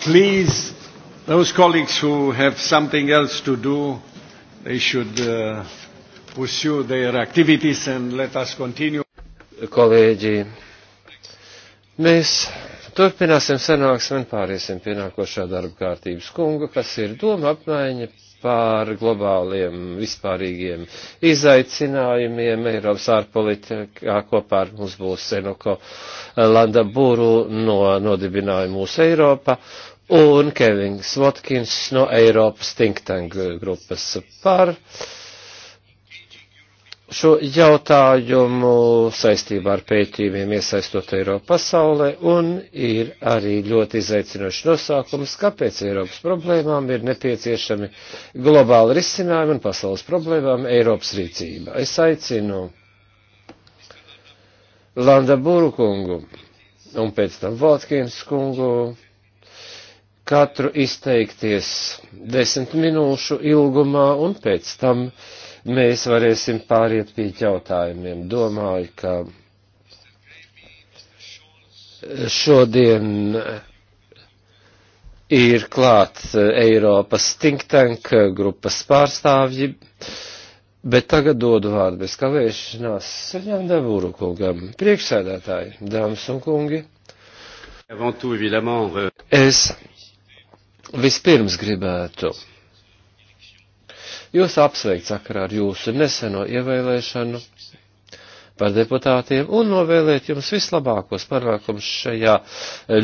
Please, those colleagues who have something else to do, they should uh, pursue their activities and let us continue. Kolēģi, mēs turpināsim sanāksmi un pāriesim pie nākošā darba kārtības kunga, kas ir doma apmaiņa par globāliem vispārīgiem izaicinājumiem Eiropas ārpolitikā kopā ar mums būs Senoko Landa Būru no nodibinājuma mūsu Eiropa un Kevins Votkins no Eiropas Think Tank grupas par šo jautājumu saistībā ar pētījumiem iesaistot Eiropu pasaulē un ir arī ļoti izaicinoši nosākums, kāpēc Eiropas problēmām ir nepieciešami globāli risinājumi un pasaules problēmām Eiropas rīcība. Es aicinu Landa Būru kungu un pēc tam Valtkins kungu katru izteikties desmit minūšu ilgumā, un pēc tam mēs varēsim pāriet pie jautājumiem. Domāju, ka šodien ir klāt Eiropas think tank grupas pārstāvji, bet tagad dodu vārdu bez kavēšanās Saņanda Būru kungam, priekšsēdētāji, dāmas un kungi. Es Vispirms gribētu jūs apsveikt sakarā ar jūsu neseno ievēlēšanu par deputātiem un novēlēt jums vislabākos panākumus šajā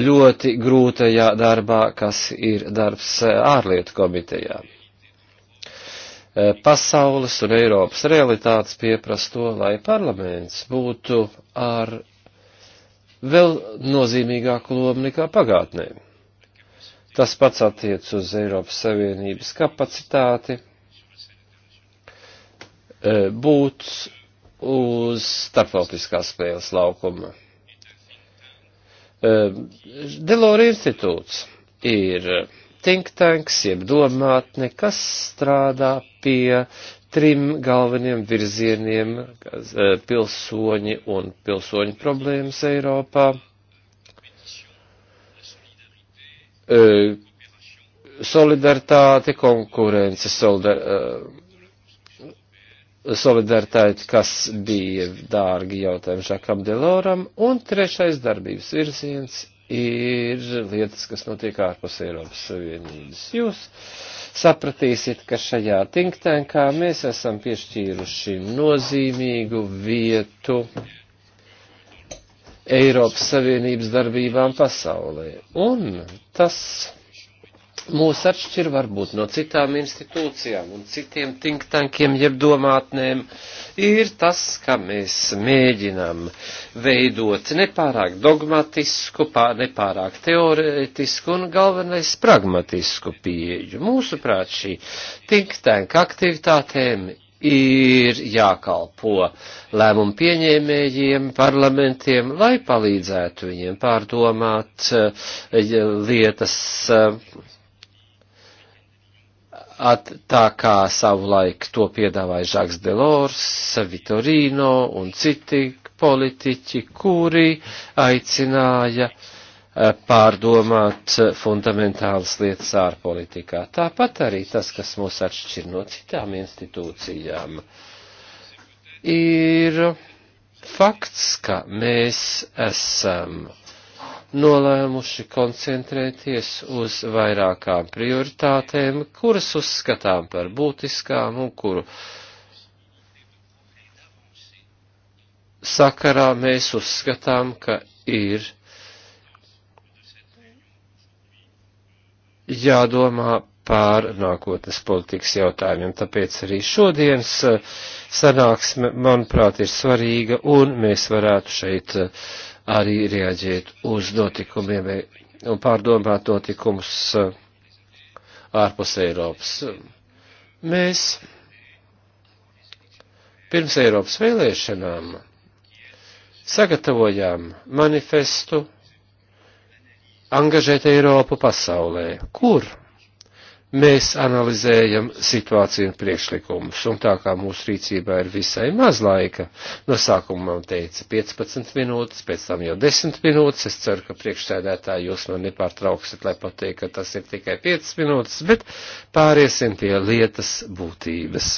ļoti grūtajā darbā, kas ir darbs ārlietu komitejā. Pasaules un Eiropas realitātes pieprasa to, lai parlaments būtu ar vēl nozīmīgāku lomu nekā pagātnēm. Tas pats attiec uz Eiropas Savienības kapacitāti e, būt uz starptautiskās spēles laukuma. E, Delora institūts ir think tanks, jeb domātne, kas strādā pie trim galveniem virzieniem - e, pilsoņi un pilsoņu problēmas Eiropā E, solidaritāti, konkurence, solidar, e, solidaritāti, kas bija dārgi jautājumi Žakam Deloram, un trešais darbības virziens ir lietas, kas notiek ārpus Eiropas Savienības. Jūs sapratīsiet, ka šajā think tankā mēs esam piešķīruši nozīmīgu vietu uh, Eiropas Savienības darbībām pasaulē. Un tas mūs atšķir varbūt no citām institūcijām un citiem think tankiem jeb domātnēm, ir tas, ka mēs mēģinām veidot nepārāk dogmatisku, pār, nepārāk teoretisku un galvenais pragmatisku pieeju. Mūsuprāt, šī think tank aktivitātēm ir jākalpo lēmumu pieņēmējiem, parlamentiem, lai palīdzētu viņiem pārdomāt eh, lietas eh, at, tā kā savulaik to piedāvāja Žaks Delors, Vitorino un citi politiķi, kuri aicināja uh, Eh, pārdomāt eh, fundamentālas lietas ārpolitikā. Tāpat arī tas, kas mūs atšķir no citām institūcijām, ir fakts, ka mēs esam nolēmuši koncentrēties uz vairākām prioritātēm, kuras uzskatām par būtiskām un kuru sakarā mēs uzskatām, ka ir jādomā pār nākotnes politikas jautājumiem. Tāpēc arī šodienas eh, sanāksme, manuprāt, ir svarīga, un mēs varētu šeit eh, arī reaģēt uz notikumiem eh, un pārdomāt notikumus ārpus Eiropas. Mēs pirms Eiropas vēlēšanām sagatavojām manifestu angažēt Eiropu pasaulē, kur mēs analizējam situāciju un priekšlikumus, un tā kā mūsu rīcībā ir visai maz laika, no sākuma man teica 15 minūtes, pēc tam jau 10 minūtes, es ceru, ka priekšsēdētāji jūs man nepārtrauksiet, lai pateikt, ka tas ir tikai 5 minūtes, bet pāriesim pie lietas būtības.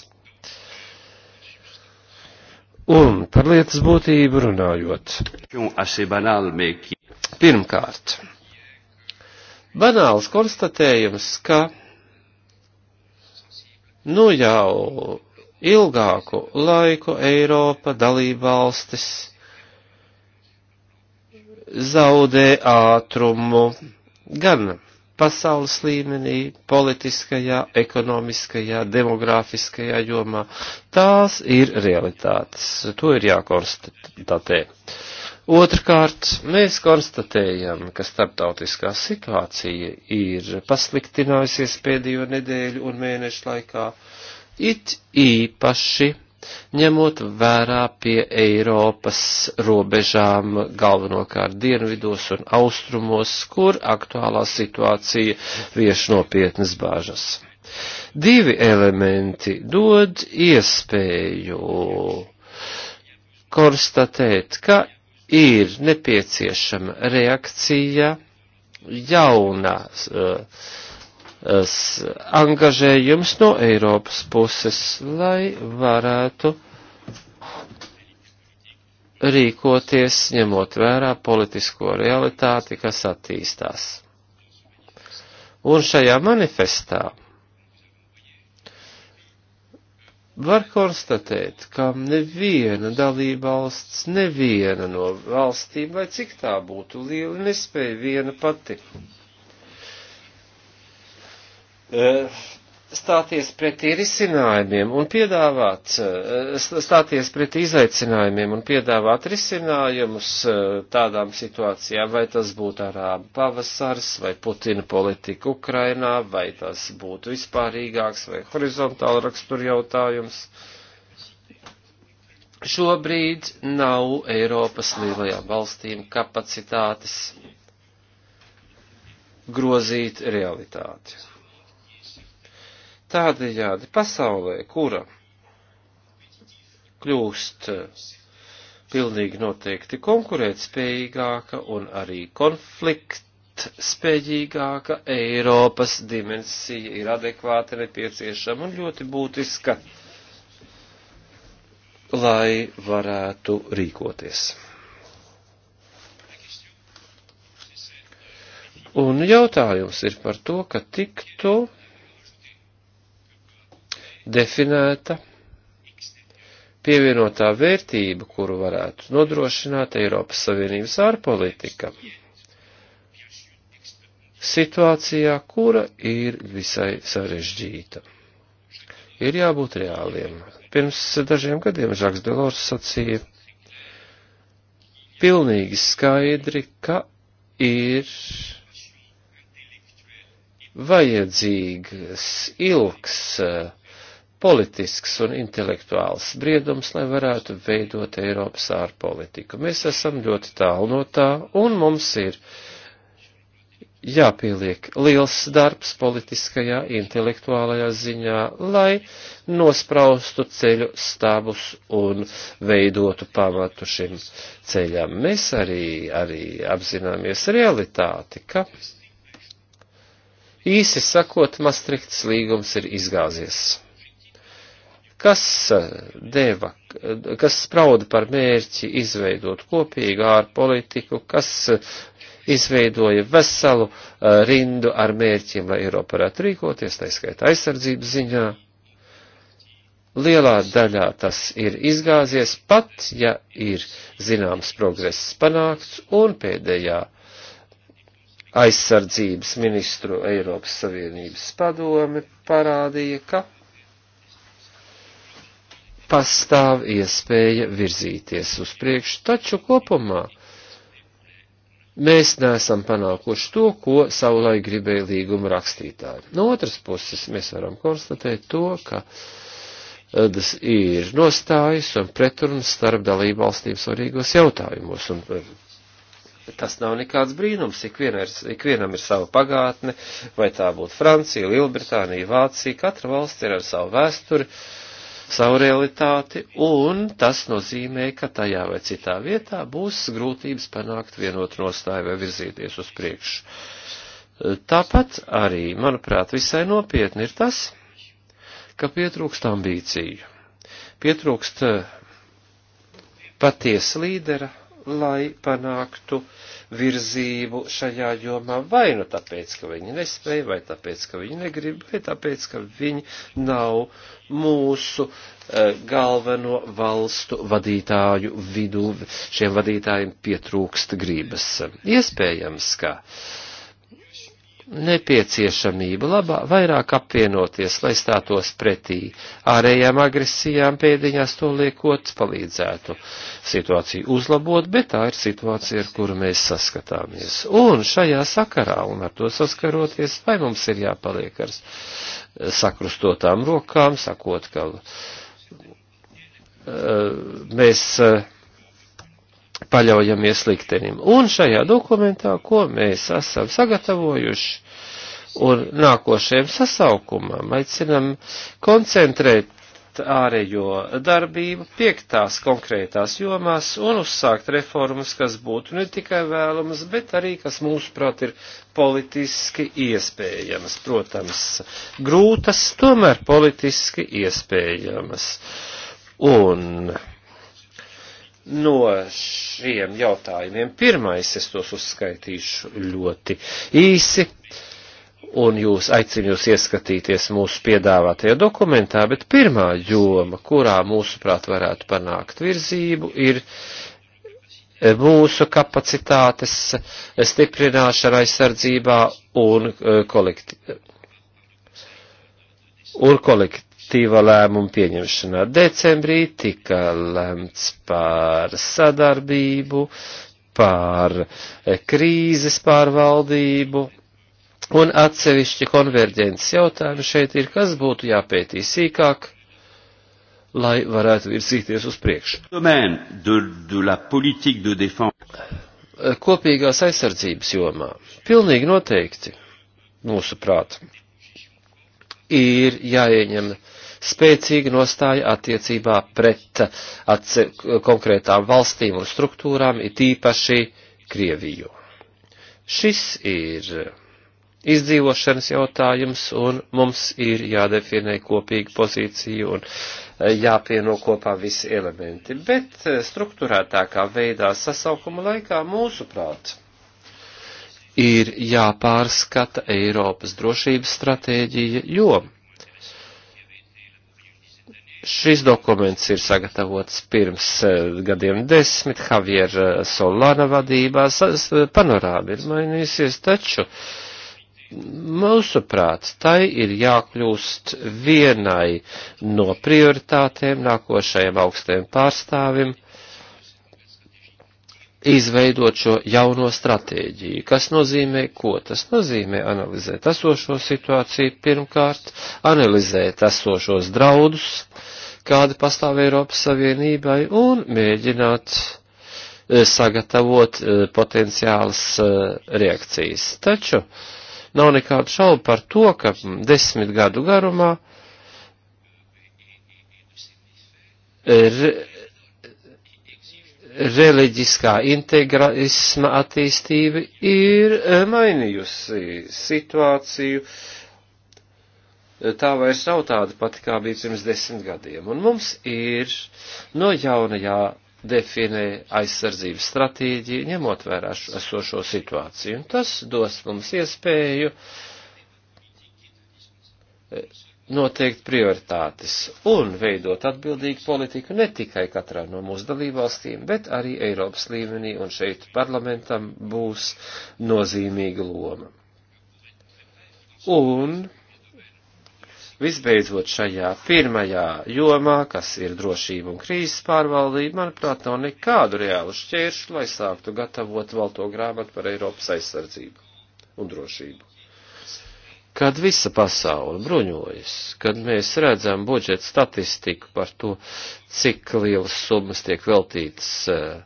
Un par lietas būtību runājot. Pirmkārt, banāls konstatējums, ka nu jau ilgāku laiku Eiropa dalībvalstis zaudē ātrumu gan pasaules līmenī, politiskajā, ekonomiskajā, demogrāfiskajā jomā. Tās ir realitātes. To ir jākonstatē. Uh, Otrkārt, mēs konstatējam, ka starptautiskā situācija ir pasliktinājusies pēdējo nedēļu un mēnešu laikā, it īpaši ņemot vērā pie Eiropas robežām galvenokārt dienvidos un austrumos, kur aktuālā situācija vieš nopietnas bāžas. Divi elementi dod iespēju konstatēt, ka ir nepieciešama reakcija, jaunās uh, uh, angažējums no Eiropas puses, lai varētu rīkoties, ņemot vērā politisko realitāti, kas attīstās. Un šajā manifestā Var konstatēt, ka neviena dalībvalsts, neviena no valstīm, lai cik tā būtu liela, nespēja viena pati eh, stāties pretī risinājumiem un piedāvāt, eh, stāties pretī izaicinājumiem un piedāvāt risinājumus eh, tādām situācijām, vai tas būtu arābu pavasars, vai Putina politika Ukrainā, vai tas būtu vispārīgāks vai horizontāla rakstura jautājums. Šobrīd nav Eiropas lielajām valstīm kapacitātes grozīt realitāti Tādējādi pasaulē, kura kļūst eh, pilnīgi noteikti konkurētspējīgāka un arī konfliktspējīgāka, Eiropas dimensija ir adekvāti nepieciešama un ļoti būtiska, lai varētu rīkoties. Un jautājums ir par to, ka tiktu definēta pievienotā vērtība, kuru varētu nodrošināt Eiropas Savienības ārpolitika situācijā, kura ir visai sarežģīta. Ir jābūt reāliem. Pirms dažiem gadiem Žaks Delors sacīja pilnīgi skaidri, ka ir vajadzīgs ilgs uh, politisks un intelektuāls spriedums, lai varētu veidot Eiropas ārpolitiku. Mēs esam ļoti tālu no tā, un mums ir jāpieliek liels darbs politiskajā, intelektuālajā ziņā, lai nospraustu ceļu stabus un veidotu pamatu šim ceļam. Mēs arī, arī apzināmies realitāti, ka īsi sakot, Mastrikts līgums ir izgāzies kas eh, deva, kas sprauda par mērķi izveidot kopīgu ārpolitiku, kas eh, izveidoja veselu eh, rindu ar mērķiem, lai Eiropa varētu rīkoties, tā skaitā aizsardzības ziņā. Lielā daļā tas ir izgāzies, pat ja ir zināms progress panākts, un pēdējā aizsardzības ministru Eiropas Savienības padome parādīja, ka pastāv iespēja virzīties uz priekšu, taču kopumā mēs neesam panākuši to, ko savulaik gribēja līguma rakstītāji. No otras puses mēs varam konstatēt to, ka eh, tas ir nostājas un pretrunas starp dalību valstīm svarīgos jautājumos. Un eh, tas nav nekāds brīnums, ikvienam ir, ikvienam ir sava pagātne, vai tā būtu Francija, Lielbritānija, Vācija, katra valsts ir ar savu vēsturi. Uh, savu realitāti, un tas nozīmē, ka tajā vai citā vietā būs grūtības panākt vienotu nostāju vai virzīties uz priekšu. Tāpat arī, manuprāt, visai nopietni ir tas, ka pietrūkst ambīciju, pietrūkst patiesa līdera lai panāktu virzību šajā jomā vai nu tāpēc, ka viņi nespēja, vai tāpēc, ka viņi negrib, vai tāpēc, ka viņi nav mūsu uh, galveno valstu vadītāju vidū, šiem vadītājiem pietrūkst gribas. Iespējams, ka uh, nepieciešamība labā, vairāk apvienoties, lai stātos pretī ārējām agresijām pēdiņās to liekot, palīdzētu situāciju uzlabot, bet tā ir situācija, ar kuru mēs saskatāmies. Un šajā sakarā un ar to saskaroties, vai mums ir jāpaliek ar sakrustotām rokām, sakot, ka uh, mēs. Uh, paļaujamies liktenim. Un šajā dokumentā, ko mēs esam sagatavojuši, un nākošajam sasaukumam aicinam koncentrēt ārējo darbību piektās konkrētās jomās un uzsākt reformas, kas būtu ne tikai vēlamas, bet arī, kas mūsuprāt ir politiski iespējamas. Protams, grūtas, tomēr politiski iespējamas. Un no šiem jautājumiem. Pirmais, es tos uzskaitīšu ļoti īsi, un jūs aicinu jūs ieskatīties mūsu piedāvātajā dokumentā, bet pirmā joma, kurā mūsuprāt varētu panākt virzību, ir mūsu kapacitātes stiprināšana aizsardzībā un eh, kolektīvā. Un kolekt, aktīva lēmuma pieņemšanā. Decembrī tika lemts par sadarbību, par eh, krīzes pārvaldību, un atsevišķi konverģences jautājumi šeit ir, kas būtu jāpētī sīkāk, lai varētu virzīties uz priekšu. Eh, kopīgās aizsardzības jomā pilnīgi noteikti, mūsuprāt, ir jāieņem spēcīga nostāja attiecībā pret atse, konkrētām valstīm un struktūrām, it īpaši Krieviju. Šis ir izdzīvošanas jautājums, un mums ir jādefinē kopīga pozīcija un jāpieno kopā visi elementi. Bet struktūrētākā veidā sasaukuma laikā mūsuprāt ir jāpārskata Eiropas drošības stratēģija, jo Šis dokuments ir sagatavots pirms eh, gadiem desmit Javier eh, Solana vadībā. Panorāma ir mainījusies, taču mūsuprāt, tai ir jākļūst vienai no prioritātēm nākošajam augstajam pārstāvim izveidot šo jauno stratēģiju. Kas nozīmē ko? Tas nozīmē analizēt esošo situāciju pirmkārt, analizēt esošos draudus, kādi pastāv Eiropas Savienībai, un mēģināt eh, sagatavot eh, potenciālas eh, reakcijas. Taču nav nekādu šaubu par to, ka desmit gadu garumā reliģiskā integrālisma attīstība ir e, mainījusi situāciju. E, tā vairs nav tāda pati, kā bija pirms desmit gadiem. Un mums ir no jaunajā definē aizsardzības stratēģija, ņemot vērā esošo situāciju. Un tas dos mums iespēju e, noteikt prioritātes un veidot atbildīgu politiku ne tikai katrā no mūsu dalībvalstīm, bet arī Eiropas līmenī, un šeit parlamentam būs nozīmīga loma. Un visbeidzot šajā pirmajā jomā, kas ir drošība un krīzes pārvaldība, manuprāt, nav nekādu reālu šķēršu, lai sāktu gatavot valto grāmatu par Eiropas aizsardzību un drošību kad visa pasaule bruņojas, kad mēs redzam budžeta statistiku par to, cik lielas summas tiek veltītas eh,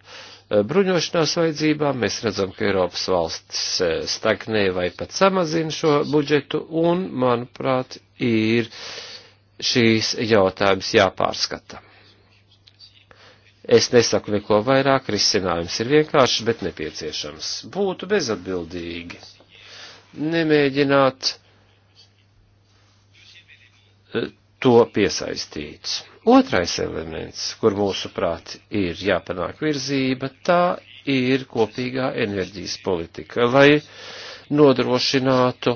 bruņošanās vajadzībām, mēs redzam, ka Eiropas valstis eh, stagnē vai pat samazina šo budžetu, un, manuprāt, ir šīs jautājums jāpārskata. Es nesaku neko vairāk, risinājums ir vienkāršs, bet nepieciešams. Būtu bezatbildīgi nemēģināt to piesaistīts. Otrais elements, kur mūsuprāt ir jāpanāk virzība, tā ir kopīgā enerģijas politika, lai nodrošinātu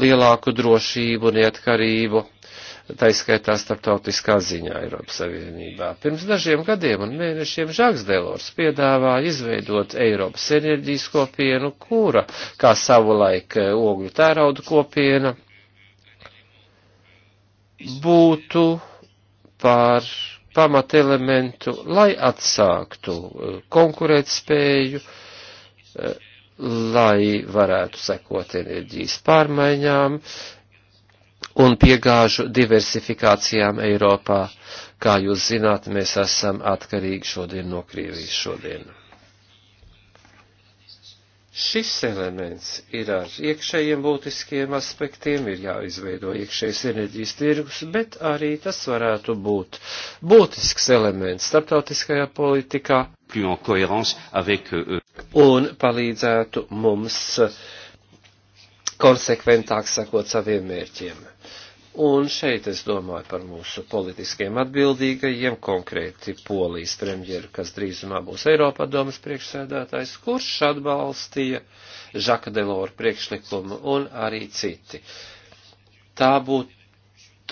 lielāku drošību un neatkarību, taiskaitā starptautiskā ziņā Eiropas Savienībā. Pirms dažiem gadiem un mēnešiem Žaks Delors piedāvāja izveidot Eiropas enerģijas kopienu, kura, kā savulaik eh, ogļu tērauda kopiena, būtu par pamatelementu, lai atsāktu uh, konkurētspēju, uh, lai varētu sekot enerģijas pārmaiņām un piegāžu diversifikācijām Eiropā. Kā jūs zināt, mēs esam atkarīgi šodien no Krievijas šodien. Šis elements ir ar iekšējiem būtiskiem aspektiem, ir jāizveido iekšējais enerģijas tirgus, bet arī tas varētu būt būtisks elements starptautiskajā politikā avec, uh, un palīdzētu mums konsekventāk sakot saviem mērķiem. Un šeit es domāju par mūsu politiskiem atbildīgajiem, konkrēti Polijas premjeru, kas drīzumā būs Eiropā domas priekšsēdētājs, kurš atbalstīja Žaka Delora priekšlikumu un arī citi. Tā būtu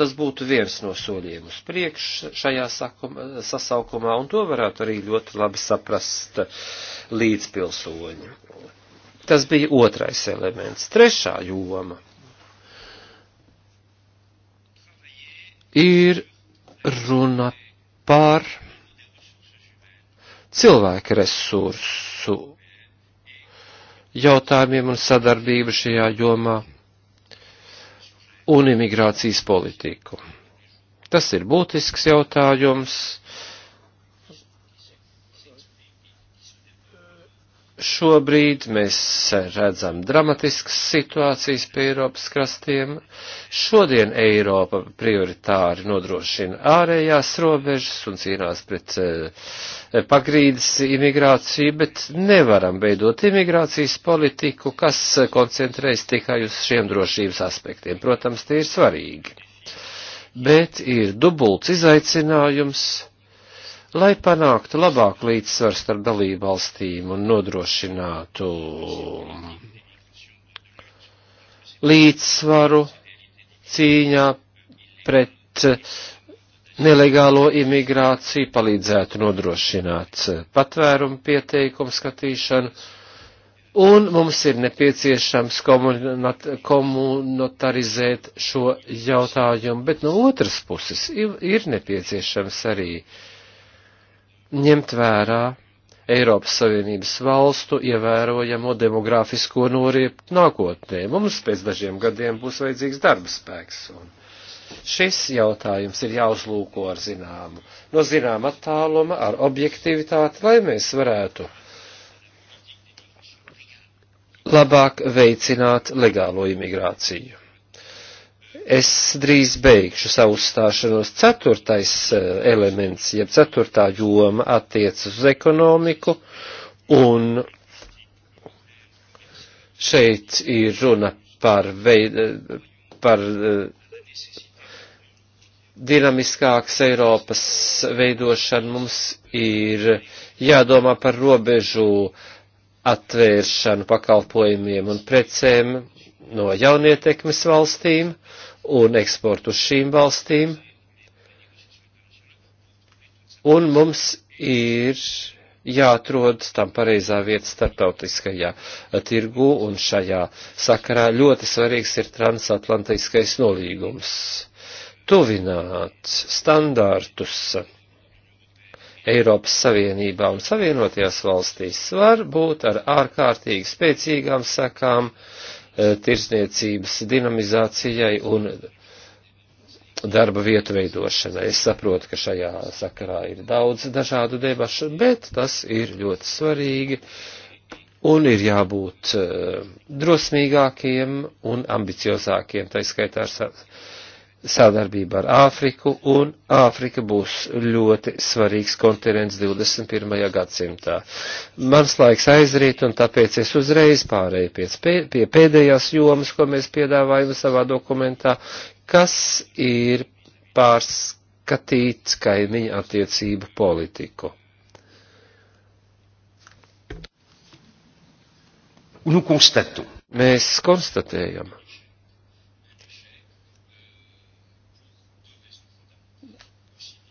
tas būtu viens no soļiem uz priekšu šajā sakuma, sasaukumā, un to varētu arī ļoti labi saprast līdzpilsoņi. Tas bija otrais elements. Trešā joma ir runa par cilvēku resursu jautājumiem un sadarbību šajā jomā un imigrācijas politiku. Tas ir būtisks jautājums Šobrīd mēs redzam dramatiskas situācijas pie Eiropas krastiem. Šodien Eiropa prioritāri nodrošina ārējās robežas un cīnās pret eh, pagrīdes imigrāciju, bet nevaram veidot imigrācijas politiku, kas koncentrējas tikai uz šiem drošības aspektiem. Protams, tie ir svarīgi. Bet ir dubults izaicinājums lai panāktu labāku līdzsvaru starp dalību valstīm un nodrošinātu līdzsvaru cīņā pret nelegālo imigrāciju, palīdzētu nodrošināt patvērumu pieteikumu skatīšanu, un mums ir nepieciešams komunitarizēt šo jautājumu, bet no otras puses ir nepieciešams arī uh, ņemt vērā Eiropas Savienības valstu ievērojamo demografisko norietu nākotnē. Mums pēc dažiem gadiem būs vajadzīgs darba spēks. Un šis jautājums ir jāuzlūko ar zināmu, no zināma attāluma, ar objektivitāti, lai mēs varētu labāk veicināt legālo imigrāciju. Es drīz beigšu savu uzstāšanos. Ceturtais eh, elements, jeb ceturtā joma attiecas uz ekonomiku, un šeit ir runa par, veid, par eh, dinamiskākas Eiropas veidošanu. Mums ir jādomā par robežu atvēršanu pakalpojumiem un precēm no jaunietekmes valstīm un eksportu uz šīm valstīm. Un mums ir jāatrod tam pareizā vieta starptautiskajā tirgu, un šajā sakarā ļoti svarīgs ir transatlantiskais nolīgums. Tuvināt standārtus Eiropas Savienībā un Savienotajās valstīs var būt ar ārkārtīgi spēcīgām sakām E, tirsniecības dinamizācijai un darba vietu veidošanai. Es saprotu, ka šajā sakarā ir daudz dažādu debašu, bet tas ir ļoti svarīgi un ir jābūt e, drosmīgākiem un ambiciozākiem, taiskaitā ar sadarbība ar Āfriku, un Āfrika būs ļoti svarīgs kontinents 21. gadsimtā. Mans laiks aizriet, un tāpēc es uzreiz pārēju pie, pie pēdējās jomas, ko mēs piedāvājam savā dokumentā, kas ir pārskatīts kaimiņa attiecību politiku. Mēs konstatējam,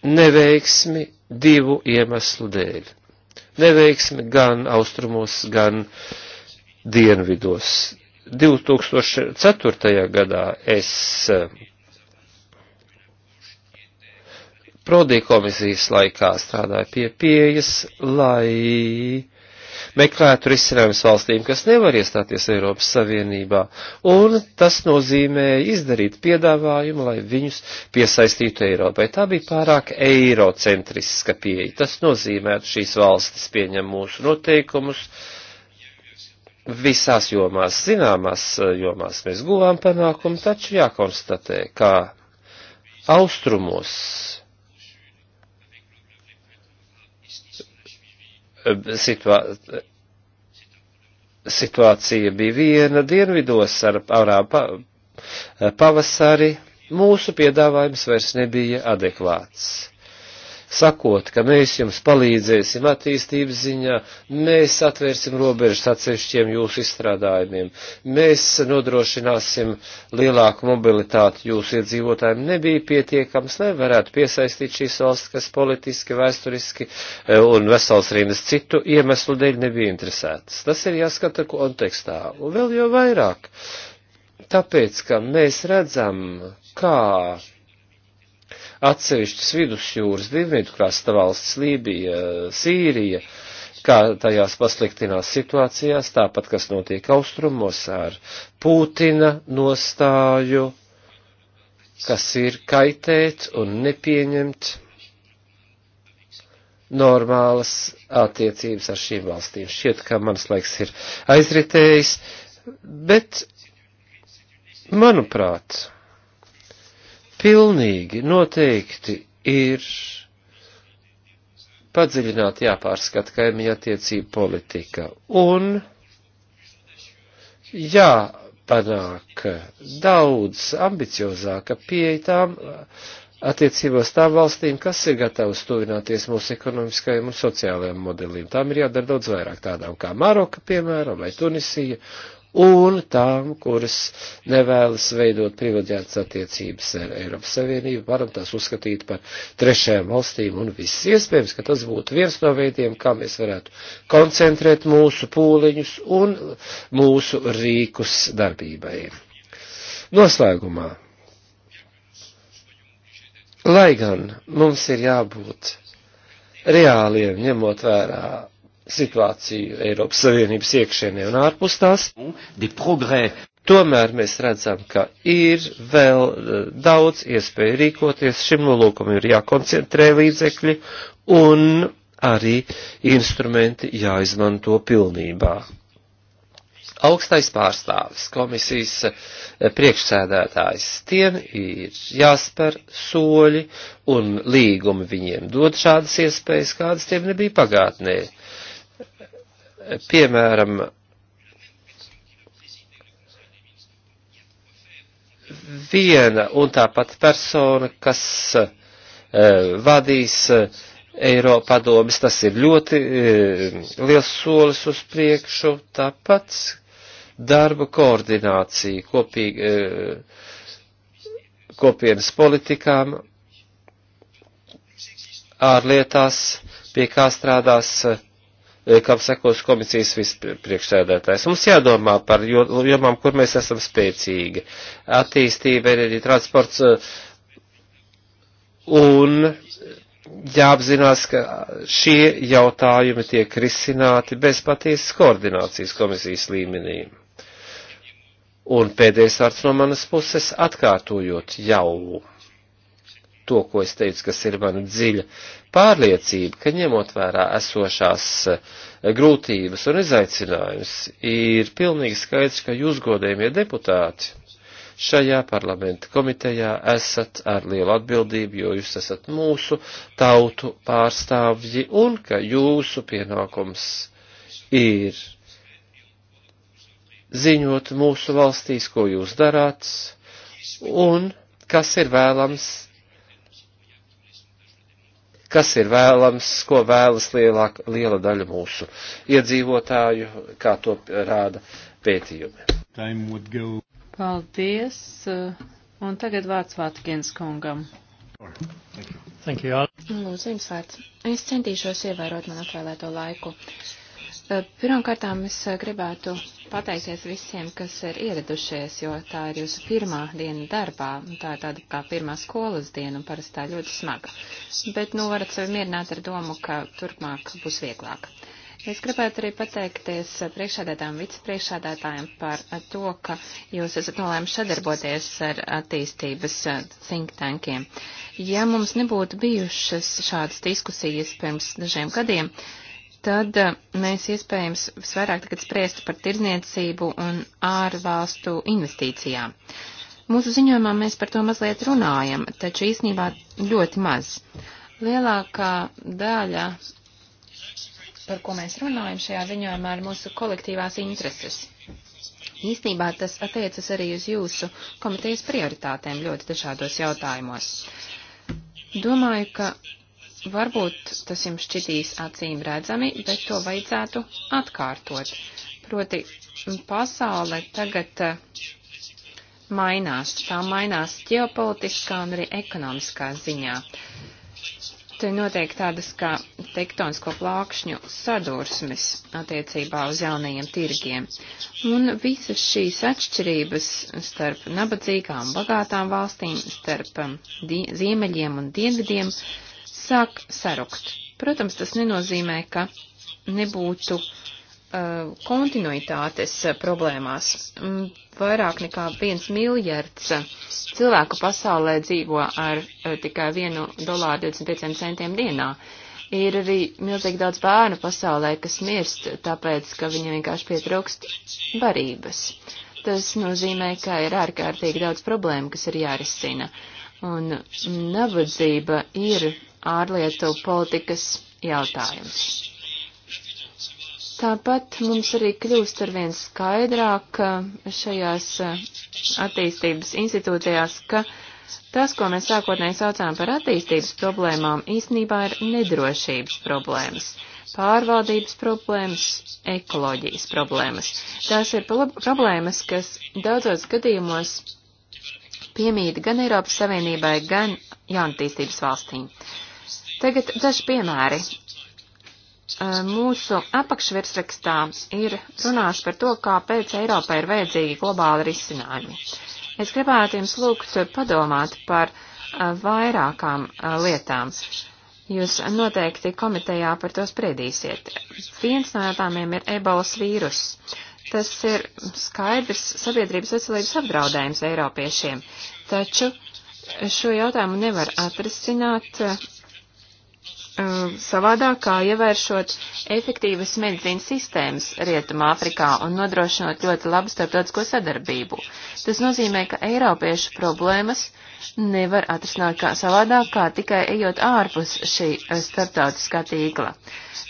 neveiksmi divu iemeslu dēļ. Neveiksmi gan austrumos, gan dienvidos. 2004. gadā es eh, Prodī komisijas laikā strādāju pie pieejas, lai meklētu risinājumus valstīm, kas nevar iestāties Eiropas Savienībā, un tas nozīmēja izdarīt piedāvājumu, lai viņus piesaistītu Eiropai. Tā bija pārāk eirocentriska pieeja. Tas nozīmētu šīs valstis pieņem mūsu noteikumus, visās jomās, zināmās eh, jomās mēs guvām panākumu, taču jākonstatē, ka austrumos situā, situācija bija viena dienvidos ar arābu pa, pavasari, mūsu piedāvājums vairs nebija adekvāts sakot, ka mēs jums palīdzēsim attīstības ziņā, mēs atvērsim robežas atsevišķiem jūsu izstrādājumiem, mēs nodrošināsim lielāku mobilitāti jūsu iedzīvotājiem, nebija pietiekams, lai varētu piesaistīt šīs valsts, kas politiski, vēsturiski e, un vesels rīnas citu iemeslu dēļ nebija interesētas. Tas ir jāskata kontekstā, un vēl jau vairāk. Tāpēc, ka mēs redzam, kā atsevišķas vidusjūras dienvidu krasta valsts - Lībija, Sīrija, kā tajās pasliktinās situācijās, tāpat kas notiek austrumos ar Pūtina nostāju, kas ir kaitēt un nepieņemt normālas attiecības ar šīm valstīm. Šķiet, ka mans laiks ir aizritējis, bet, manuprāt, pilnīgi noteikti ir padziļināti jāpārskata kaimiņa attiecību politika un jāpanāk daudz ambiciozāka pieeja tām attiecībās tām valstīm, kas ir gatavas tuvināties mūsu ekonomiskajiem un sociālajiem modeliem. Tām ir jādara daudz vairāk tādām kā Maroka, piemēram, vai Tunisija, un tām, kuras nevēlas veidot privileģētas attiecības ar Eiropas Savienību, varam tās uzskatīt par trešajām valstīm un viss. Iespējams, ka tas būtu viens no veidiem, kā mēs varētu koncentrēt mūsu pūliņus un mūsu rīkus darbībai. Noslēgumā. Lai gan mums ir jābūt reāliem, ņemot vērā situāciju Eiropas Savienības iekšienē un ārpus tās. Tomēr mēs redzam, ka ir vēl e, daudz iespēju rīkoties, šim nolūkam ir jākoncentrē līdzekļi un arī instrumenti jāizmanto pilnībā. Augstais pārstāvis, komisijas e, priekšsēdētājs, tiem ir jāspēr soļi un līgumi viņiem dod šādas iespējas, kādas tiem nebija pagātnē piemēram, viena un tāpat persona, kas uh, vadīs uh, eh, Eiropa padomis, tas ir ļoti uh, liels solis uz priekšu, tāpat darba koordinācija kopīgi, kopienas politikām, ārlietās, pie kā strādās uh, E, kam sekošu komisijas vispriekšsēdētājs. Mums jādomā par jomām, kur mēs esam spēcīgi. Attīstība, enerģija, transports e, un jāapzinās, ka šie jautājumi tiek risināti bez patiesas koordinācijas komisijas līmenī. Un pēdējais vārds no manas puses atkārtojot jau to, ko es teicu, kas ir mana dziļa pārliecība, ka ņemot vērā esošās eh, grūtības un izaicinājums, ir pilnīgi skaidrs, ka jūs, godējumie deputāti, šajā parlamenta komitejā esat ar lielu atbildību, jo jūs esat mūsu tautu pārstāvji un ka jūsu pienākums ir ziņot mūsu valstīs, ko jūs darāt un kas ir vēlams kas ir vēlams, ko vēlas lielāk, liela daļa mūsu iedzīvotāju, kā to rāda pētījumi. Paldies, un tagad vārds Vatkins kungam. Thank you. Thank you. Lūdzu, jums vārds. Es centīšos ievērot man atvēlēto laiku. Uh, Eh, pirmkārtām es eh, gribētu pateikties visiem, kas ir ieradušies, jo tā ir jūsu pirmā diena darbā, un tā ir tāda kā pirmā skolas diena, un parasti tā ļoti smaga. Bet, nu, varat sevi mierināt ar domu, ka turpmāk būs vieglāk. Es gribētu arī pateikties eh, priekšādētājiem, vicepriekšādētājiem par to, ka jūs esat nolēmuši sadarboties ar attīstības think tankiem. Ja mums nebūtu bijušas šādas diskusijas pirms dažiem gadiem, uh, tad eh, mēs iespējams visvairāk tagad spriestu par tirdzniecību un ārvalstu investīcijām. Mūsu ziņojumā mēs par to mazliet runājam, taču īsnībā ļoti maz. Lielākā daļa, par ko mēs runājam šajā ziņojumā, ir mūsu kolektīvās intereses. Īsnībā tas attiecas arī uz jūsu komitejas prioritātēm ļoti dažādos jautājumos. Domāju, ka Varbūt tas jums šķitīs acīm redzami, bet to vajadzētu atkārtot. Proti, pasaule tagad eh, mainās. Tā mainās ģeopolitiskā un arī ekonomiskā ziņā. Te notiek tādas kā tektonisko plākšņu sadursmes attiecībā uz jaunajiem tirgiem. Un visas šīs atšķirības starp nabadzīgām, bagātām valstīm, starp um, ziemeļiem un dienvidiem, uh, sāk sarukt. Protams, tas nenozīmē, ka nebūtu uh, kontinuitātes uh, problēmās. Mm, vairāk nekā viens miljards cilvēku pasaulē dzīvo ar uh, tikai vienu dolāru 25 centiem dienā. Ir arī milzīgi daudz bērnu pasaulē, kas mirst, tāpēc, ka viņiem vienkārši pietrūkst varības. Tas nozīmē, ka ir ārkārtīgi daudz problēmu, kas ir jārisina. Un nabadzība ir ārlietu politikas jautājums. Tāpat mums arī kļūst arvien skaidrāk eh, šajās eh, attīstības institūcijās, ka tas, ko mēs sākotnēji saucām par attīstības problēmām, īstenībā ir nedrošības problēmas, pārvaldības problēmas, ekoloģijas problēmas. Tās ir problēmas, kas daudzos gadījumos piemīt gan Eiropas Savienībai, gan jaunatīstības valstīm. Tagad daži piemēri. Mūsu apakšvirsrakstā ir runāts par to, kāpēc Eiropai ir vajadzīgi globāli risinājumi. Es gribētu jums lūgt padomāt par vairākām lietām. Jūs noteikti komitejā par to spriedīsiet. Viens no jautājumiem ir ebolas vīrus. Tas ir skaidrs sabiedrības veselības apdraudējums Eiropiešiem, taču šo jautājumu nevar atrisināt um, savādāk kā ievēršot efektīvas medicīnas sistēmas Rietumā Afrikā un nodrošinot ļoti labu starptautisko sadarbību. Tas nozīmē, ka eiropiešu problēmas nevar atrisināt kā savādāk, kā tikai ejot ārpus šī eh, starptautiskā tīkla.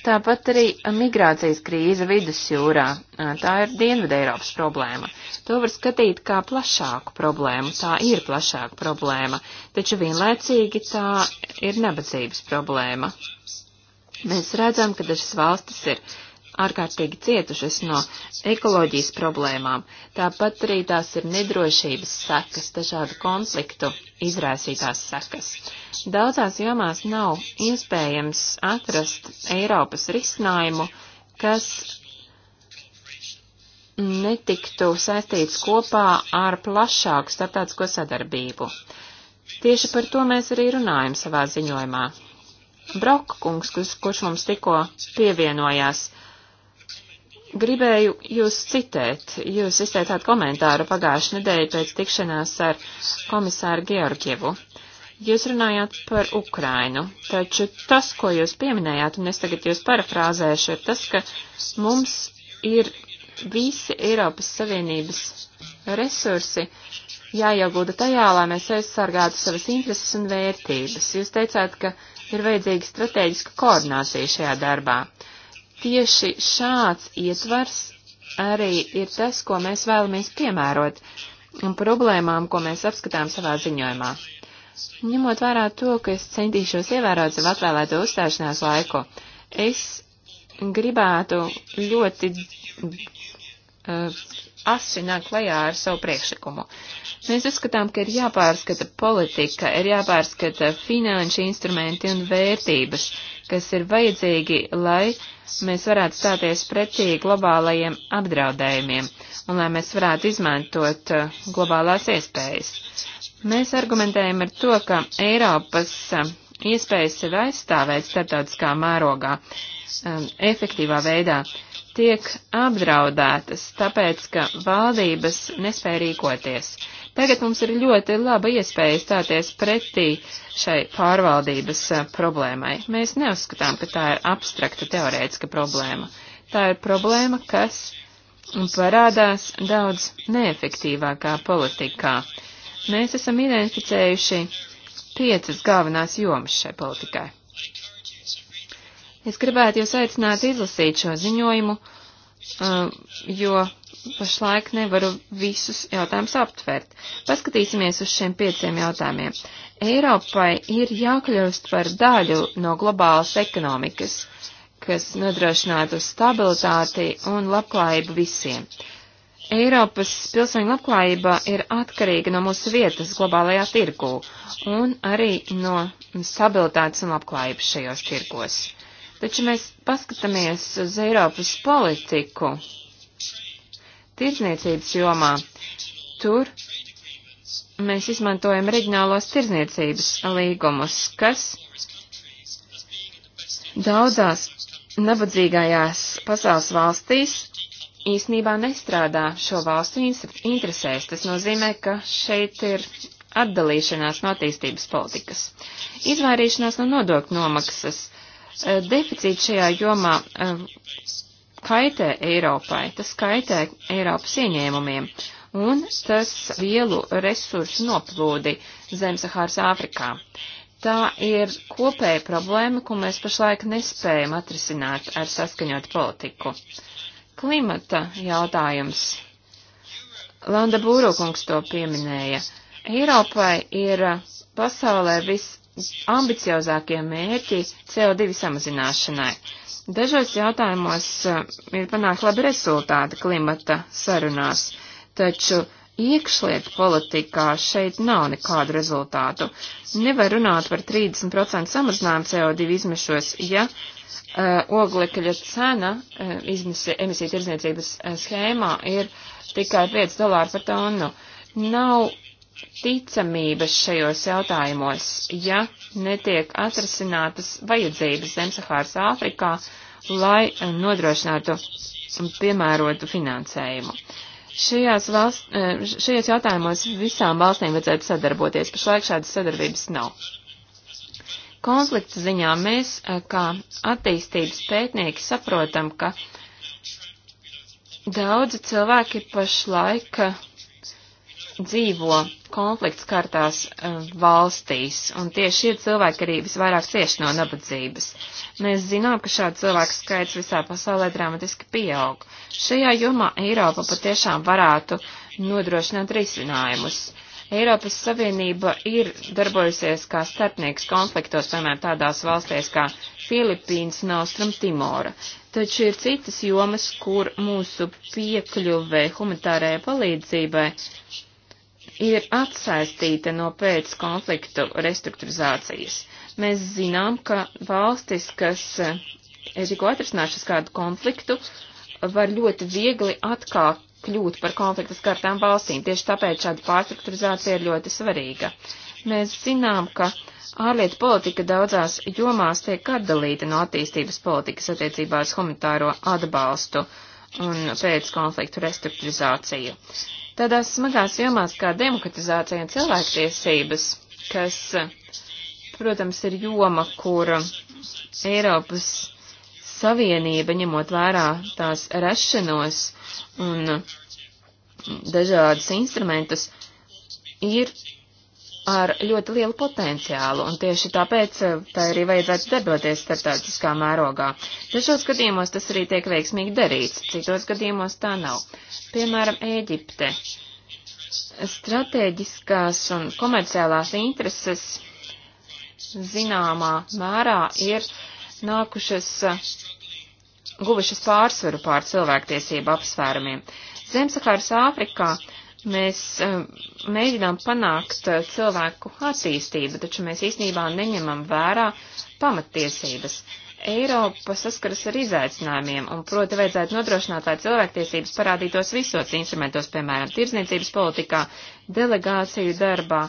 Tāpat arī eh, migrācijas krīze vidusjūrā. Eh, tā ir Dienvidē Eiropas problēma. To var skatīt kā plašāku problēmu. Tā ir plašāka problēma, taču vienlaicīgi tā ir nabadzības problēma. Mēs redzam, ka dažas valstis ir ārkārtīgi cietušas no ekoloģijas problēmām. Tāpat arī tās ir nedrošības sekas, dažādu konfliktu izraisītās sekas. Daudzās jomās nav iespējams atrast Eiropas risinājumu, kas netiktu saistīts kopā ar plašāku starptautisko sadarbību. Tieši par to mēs arī runājam savā ziņojumā. Brokkungs, kurš mums tikko pievienojās, uh, Gribēju jūs citēt. Jūs izteicāt komentāru pagājušajā nedēļā pēc tikšanās ar komisāru Georgievu. Jūs runājāt par Ukrainu, taču tas, ko jūs pieminējāt, un es tagad jūs parafrāzēšu, ir tas, ka mums ir visi Eiropas Savienības resursi jāiegūda tajā, lai mēs aizsargātu savas intereses un vērtības. Jūs teicāt, ka ir vajadzīga strateģiska koordinācija šajā darbā. Uh, tieši šāds ietvars arī ir tas, ko mēs vēlamies piemērot un problēmām, ko mēs apskatām savā ziņojumā. Ņemot vērā to, ka es centīšos ievērot savu atvēlēto uzstāšanās laiku, es gribētu ļoti uh, asi nāk klajā ar savu priekšlikumu. Mēs uzskatām, ka ir jāpārskata politika, ir jāpārskata finanšu instrumenti un vērtības, kas ir vajadzīgi, lai mēs varētu stāties pretī globālajiem apdraudējumiem un lai mēs varētu izmantot eh, globālās iespējas. Mēs argumentējam ar to, ka Eiropas eh, iespējas sevi aizstāvēt starptautiskā mērogā um, efektīvā veidā tiek apdraudētas, tāpēc, ka valdības nespēja rīkoties. Tagad mums ir ļoti laba iespēja stāties pretī šai pārvaldības eh, problēmai. Mēs neuzskatām, ka tā ir abstrakta teorētiska problēma. Tā ir problēma, kas parādās daudz neefektīvākā politikā. Mēs esam identificējuši piecas galvenās jomas šai politikai. Es gribētu jūs aicināt izlasīt šo ziņojumu, um, jo pašlaik nevaru visus jautājumus aptvert. Paskatīsimies uz šiem pieciem jautājumiem. Eiropai ir jākļūst par daļu no globālas ekonomikas, kas nodrošinātu stabilitāti un labklājību visiem. Eiropas pilsoņu labklājība ir atkarīga no mūsu vietas globālajā tirgū un arī no stabilitātes un labklājības šajos tirgos. Taču mēs paskatāmies uz Eiropas politiku tirdzniecības jomā. Tur mēs izmantojam reģionālos tirdzniecības līgumus, kas daudzās nabadzīgajās pasaules valstīs īsnībā nestrādā šo valstu interesēs. Tas nozīmē, ka šeit ir atdalīšanās no attīstības politikas, izvairīšanās no nodokļu nomaksas, Eh, deficīts šajā jomā eh, kaitē Eiropai, tas kaitē Eiropas ieņēmumiem, un tas vielu resursu noplūdi Zemsahāras Āfrikā. Tā ir kopēja problēma, ko mēs pašlaik nespējam atrisināt ar saskaņot politiku. Klimata jautājums. Landa Būrokungs to pieminēja. Eiropai ir pasaulē viss ambiciozākie mērķi CO2 samazināšanai. Dažos jautājumos eh, ir panākt labi rezultāti klimata sarunās, taču iekšlietu politikā šeit nav nekādu rezultātu. Nevar runāt par 30% samazinājumu CO2 izmešos, ja uh, oglekļa cena uh, izmesi, emisiju tirdzniecības uh, schēmā ir tikai 5 dolāri par tonu. Nav ticamības šajos jautājumos, ja netiek atrasinātas vajadzības Zemsahāras Āfrikā, lai eh, nodrošinātu un piemērotu finansējumu. Šajās, valst, eh, šajos jautājumos visām valstīm vajadzētu sadarboties, pašlaik šādas sadarbības nav. Konflikta ziņā mēs, eh, kā attīstības pētnieki, saprotam, ka daudzi cilvēki pašlaik dzīvo konflikts kartās uh, valstīs, un tieši šie cilvēki arī visvairāk cieši no nabadzības. Mēs zinām, ka šādu cilvēku skaits visā pasaulē dramatiski pieaug. Šajā jomā Eiropa patiešām varētu nodrošināt risinājumus. Eiropas Savienība ir darbojusies kā starpnieks konfliktos, piemēram, tādās valstīs kā Filipīnas un Austrum Timora. Taču ir citas jomas, kur mūsu piekļuve humanitārajai palīdzībai ir atsaistīta no pēckonfliktu restruktūrizācijas. Mēs zinām, ka valstis, kas eh, ir tikko atrisinājušas kādu konfliktu, var ļoti viegli atkal kļūt par konflikta skartām valstīm. Tieši tāpēc šāda pārstrukturizācija ir ļoti svarīga. Mēs zinām, ka ārlietu politika daudzās jomās tiek atdalīta no attīstības politikas attiecībā uz humanitāro atbalstu un pēc konfliktu restruktūrizāciju tādās smagās jomās kā demokratizācija un cilvēktiesības, kas, protams, ir joma, kur Eiropas Savienība, ņemot vērā tās rašanos un dažādas instrumentus, ir ar ļoti lielu potenciālu, un tieši tāpēc eh, tā arī vajadzētu darboties starptautiskā mērogā. Dažos gadījumos tas arī tiek veiksmīgi darīts, citos gadījumos tā nav. Piemēram, Ēģipte. Stratēģiskās un komerciālās intereses zināmā mērā ir nākušas guvušas pārsvaru pār cilvēktiesību apsvērumiem. Zemsahāras Āfrikā uh, Mēs um, mēģinām panākt uh, cilvēku attīstību, taču mēs īstenībā neņemam vērā pamattiesības. Eiropa saskaras ar izaicinājumiem, un proti vajadzētu nodrošināt, lai cilvēktiesības parādītos visos instrumentos, piemēram, tirzniecības politikā, delegāciju darbā,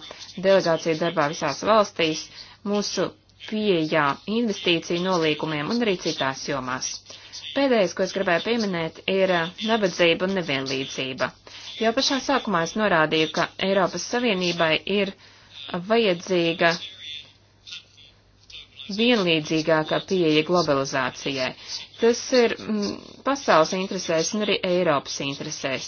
delegāciju darbā visās valstīs, mūsu pieejā, investīciju nolīkumiem un arī citās jomās. Pēdējais, ko es gribēju pieminēt, ir eh, nabadzība un nevienlīdzība. Jau pašā sākumā es norādīju, ka Eiropas Savienībai ir vajadzīga vienlīdzīgākā pieeja globalizācijai. Tas ir mm, pasaules interesēs un arī Eiropas interesēs.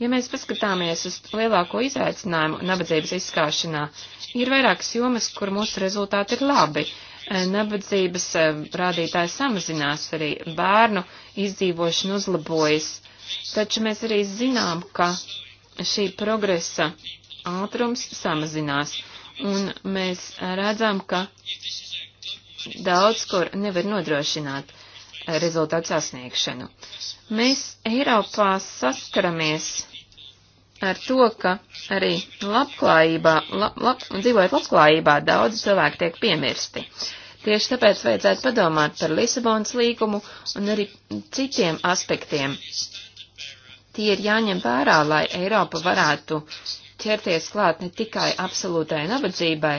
Ja mēs paskatāmies uz lielāko izaicinājumu nabadzības izskaušanā, ir vairākas jomas, kur mūsu rezultāti ir labi. Eh, nabadzības eh, rādītājs samazinās, arī bērnu izdzīvošana uzlabojas, Taču mēs arī zinām, ka šī progresa ātrums samazinās, un mēs redzam, ka daudz kur nevar nodrošināt rezultātu sasniegšanu. Mēs Eiropā saskaramies ar to, ka arī labklājībā, lab, lab, dzīvojot labklājībā, daudz cilvēku tiek piemirsti. Tieši tāpēc vajadzētu padomāt par Lisabonas līgumu un arī citiem aspektiem, tie ir jāņem vērā, lai Eiropa varētu ķerties klāt ne tikai absolūtai nabadzībai,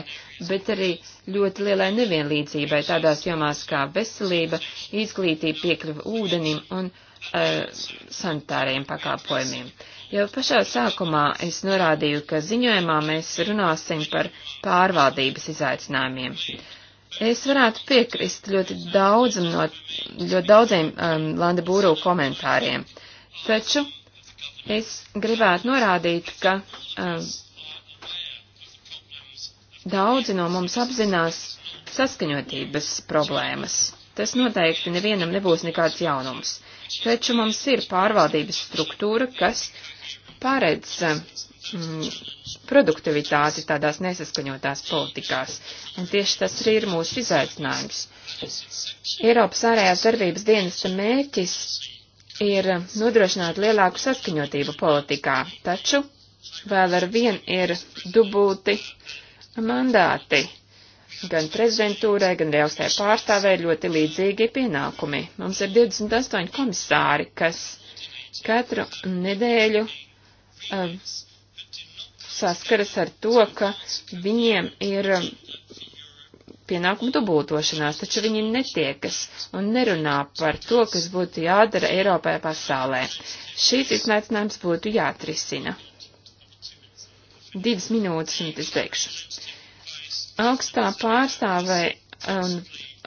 bet arī ļoti lielai nevienlīdzībai tādās jomās kā veselība, izglītība, piekļuva ūdenim un uh, sanitāriem pakāpojumiem. Jau pašā sākumā es norādīju, ka ziņojumā mēs runāsim par pārvaldības izaicinājumiem. Es varētu piekrist ļoti daudzam no, ļoti daudziem um, Landa Būru komentāriem, taču Es gribētu norādīt, ka um, daudzi no mums apzinās saskaņotības problēmas. Tas noteikti nevienam nebūs nekāds jaunums. Taču mums ir pārvaldības struktūra, kas paredz mm, produktivitāti tādās nesaskaņotās politikās. Un tieši tas arī ir mūsu izaicinājums. Eiropas ārējās darbības dienesta mērķis ir nodrošināt lielāku saskaņotību politikā, taču vēl ar vien ir dubulti mandāti. Gan prezidentūrai, gan reālstē pārstāvē ļoti līdzīgi pienākumi. Mums ir 28 komisāri, kas katru nedēļu um, saskaras ar to, ka viņiem ir pienākumu dubultošanās, taču viņi netiekas un nerunā par to, kas būtu jādara Eiropai pasaulē. Šīs iznaicinājums būtu jāatrisina. Divas minūtes, un es teikšu. Augstā pārstāvē un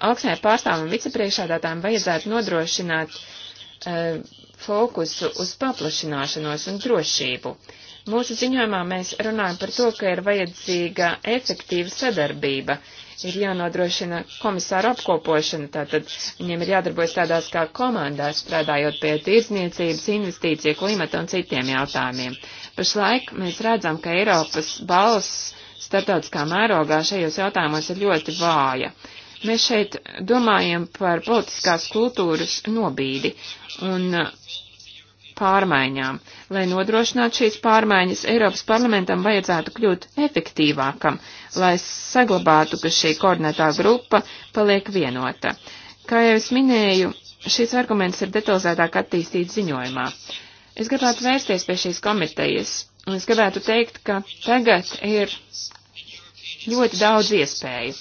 augstajai pārstāvam vicepriekšādātājiem vajadzētu nodrošināt uh, fokusu uz paplašināšanos un drošību. Mūsu ziņojumā mēs runājam par to, ka ir vajadzīga efektīva sadarbība. Ir jānodrošina komisāru apkopošana, tātad viņiem ir jādarbojas tādās kā komandās, strādājot pie tirdzniecības, investīcija, klimata un citiem jautājumiem. Pašlaik mēs redzam, ka Eiropas balss starptautiskā mērogā šajos jautājumos ir ļoti vāja. Uh, Mēs šeit domājam par politiskās kultūras nobīdi un pārmaiņām. Lai nodrošinātu šīs pārmaiņas, Eiropas parlamentam vajadzētu kļūt efektīvākam, lai saglabātu, ka šī koordinētā grupa paliek vienota. Kā jau es minēju, šis arguments ir detalizētāk attīstīts ziņojumā. Es gribētu vērsties pie šīs komitejas, un es gribētu teikt, ka tagad ir ļoti daudz iespēju.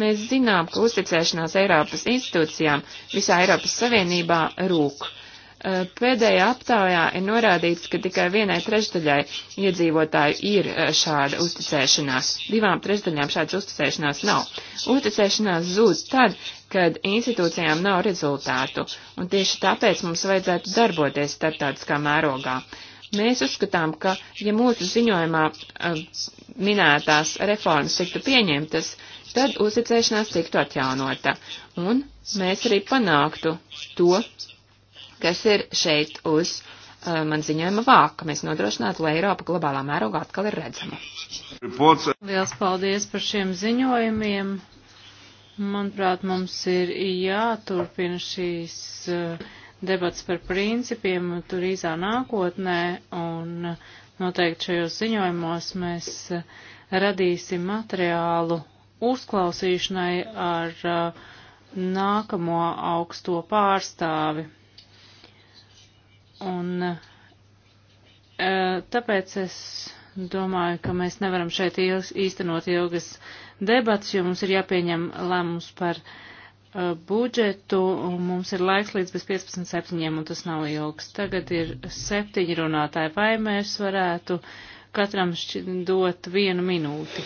Mēs zinām, ka uzticēšanās Eiropas institūcijām visā Eiropas Savienībā rūk. Pēdējā aptaujā ir norādīts, ka tikai vienai trešdaļai iedzīvotāju ir šāda uzticēšanās. Divām trešdaļām šādas uzticēšanās nav. Uzticēšanās zūd tad, kad institūcijām nav rezultātu, un tieši tāpēc mums vajadzētu darboties starptautiskā mērogā. Mēs uzskatām, ka, ja mūsu ziņojumā uh, minētās reformas tiktu pieņemtas, tad uzticēšanās tiktu atjaunota. Un mēs arī panāktu to, kas ir šeit uz uh, man ziņojuma vāka. Mēs nodrošinātu, lai Eiropa globālā mērogā atkal ir redzama. Liels paldies par šiem ziņojumiem. Manuprāt, mums ir jāturpina šīs uh, debats par principiem tur īsā nākotnē un uh, Noteikti šajos ziņojumos mēs eh, radīsim materiālu uzklausīšanai ar eh, nākamo augsto pārstāvi. Un eh, tāpēc es domāju, ka mēs nevaram šeit īstenot ilgas debats, jo mums ir jāpieņem lēmums par uh, Uh, budžetu, un mums ir laiks līdz bez 15.7, un tas nav ilgs. Tagad ir septiņi runātāji, vai mēs varētu katram dot vienu minūti?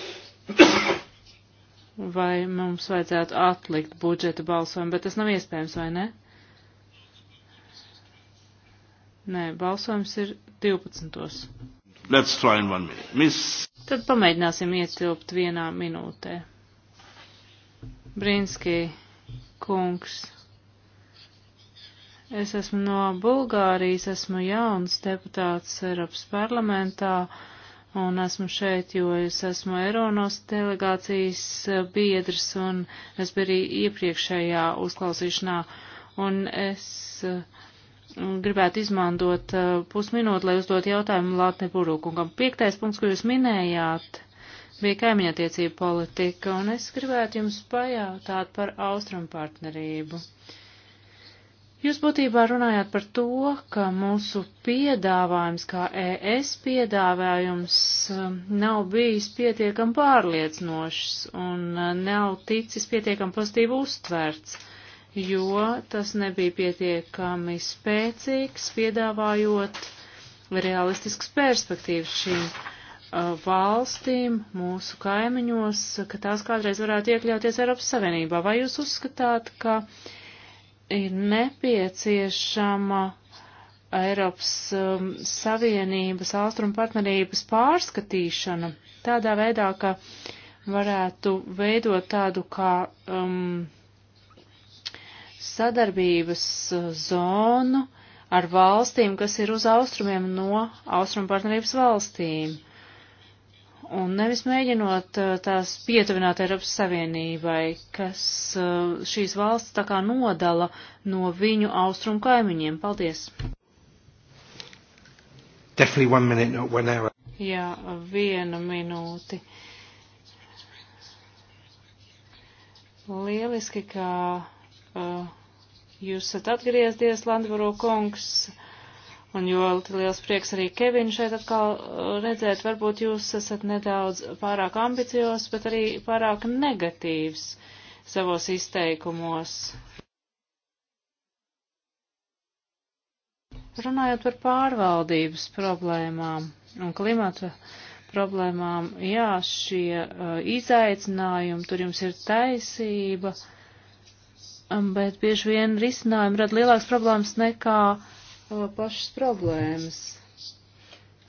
Vai mums vajadzētu atlikt budžeta balsojumu, bet tas nav iespējams, vai ne? Nē, balsojums ir 12. Let's try in one minute. Miss... Tad pamēģināsim ietilpt vienā minūtē. Brīnskī kungs. Es esmu no Bulgārijas, esmu jauns deputāts Eiropas parlamentā un esmu šeit, jo es esmu Eironos delegācijas biedrs un es biju arī iepriekšējā uzklausīšanā. Un es uh, gribētu izmantot uh, pusminūti, lai uzdot jautājumu Latne Burūkungam. Piektais punkts, ko jūs minējāt bija kaimiņattiecība politika, un es gribētu jums pajautāt par austrumu partnerību. Jūs būtībā runājāt par to, ka mūsu piedāvājums, kā ES piedāvājums, um, nav bijis pietiekam pārliecinošs un uh, nav ticis pietiekam pozitīvi uztverts, jo tas nebija pietiekami spēcīgs, piedāvājot realistisks perspektīvas šīm Uh, valstīm mūsu kaimiņos, ka tās kādreiz varētu iekļauties Eiropas Savienībā. Vai jūs uzskatāt, ka ir nepieciešama Eiropas um, Savienības austrumu partnerības pārskatīšana tādā veidā, ka varētu veidot tādu kā um, sadarbības uh, zonu ar valstīm, kas ir uz austrumiem no austrumu partnerības valstīm un nevis mēģinot uh, tās pietuvināt Eiropas Savienībai, kas uh, šīs valsts tā kā nodala no viņu austrumu kaimiņiem. Paldies! Minute, Jā, viena minūti. Lieliski, ka uh, jūs esat atgriezies, Landvaro kungs. Un jo liels prieks arī Kevinu šeit atkal uh, redzēt, varbūt jūs esat nedaudz pārāk ambiciozs, bet arī pārāk negatīvs savos izteikumos. Runājot par pārvaldības problēmām un klimata problēmām, jā, šie uh, izaicinājumi, tur jums ir taisība, um, bet bieži vien risinājumi rada lielākas problēmas nekā uh, Uh, pašas problēmas.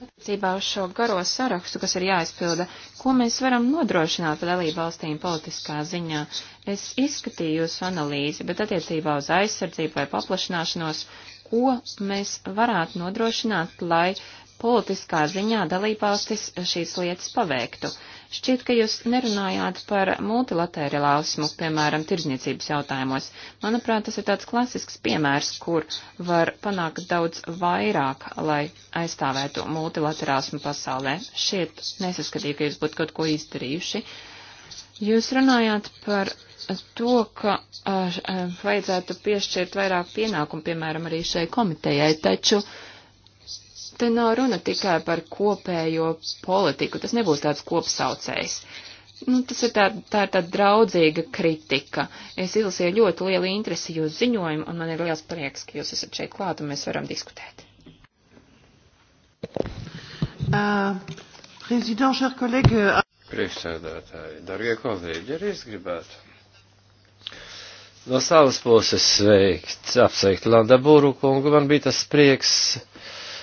Attiecībā uz šo garo sarakstu, kas ir jāizpilda, ko mēs varam nodrošināt dalību valstīm politiskā ziņā, es izskatīju jūsu analīzi, bet attiecībā uz aizsardzību vai paplašināšanos, ko mēs varētu nodrošināt, lai uh, politiskā ziņā dalībvalstis šīs lietas paveiktu. Šķiet, ka jūs nerunājāt par multilaterālismu, piemēram, tirzniecības jautājumos. Manuprāt, tas ir tāds klasisks piemērs, kur var panākt daudz vairāk, lai aizstāvētu multilaterālismu pasaulē. Šeit nesaskatīju, ka jūs būtu kaut ko izdarījuši. Jūs runājāt par to, ka uh, vajadzētu piešķirt vairāk pienākumu, piemēram, arī šai komitejai, taču uh, te nav runa tikai par kopējo politiku, tas nebūs tāds kopsaucējs. Nu, tas ir tā, tā ir tāda draudzīga kritika. Es izlasīju ļoti lielu interesi jūsu ziņojumu, un man ir liels prieks, ka jūs esat šeit klāt, un mēs varam diskutēt. Uh, uh Priekšsēdētāji, darbie kolēģi, arī es gribētu no savas puses sveikt, apsveikt Landa Būru kungu. Man bija tas prieks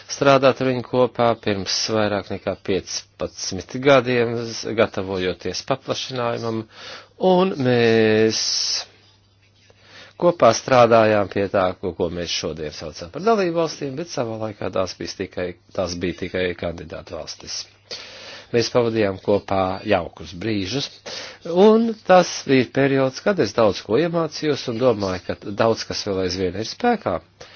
strādāt ar viņu kopā pirms vairāk nekā 15 gadiem, gatavojoties paplašinājumam, un mēs kopā strādājām pie tā, ko, ko mēs šodien saucam par dalību valstīm, bet savā laikā tās bija tikai, tās bija tikai kandidātu valstis. Mēs pavadījām kopā jaukus brīžus, un tas bija periods, kad es daudz ko iemācījos un domāju, ka daudz kas vēl aizvien ir spēkā. Uh,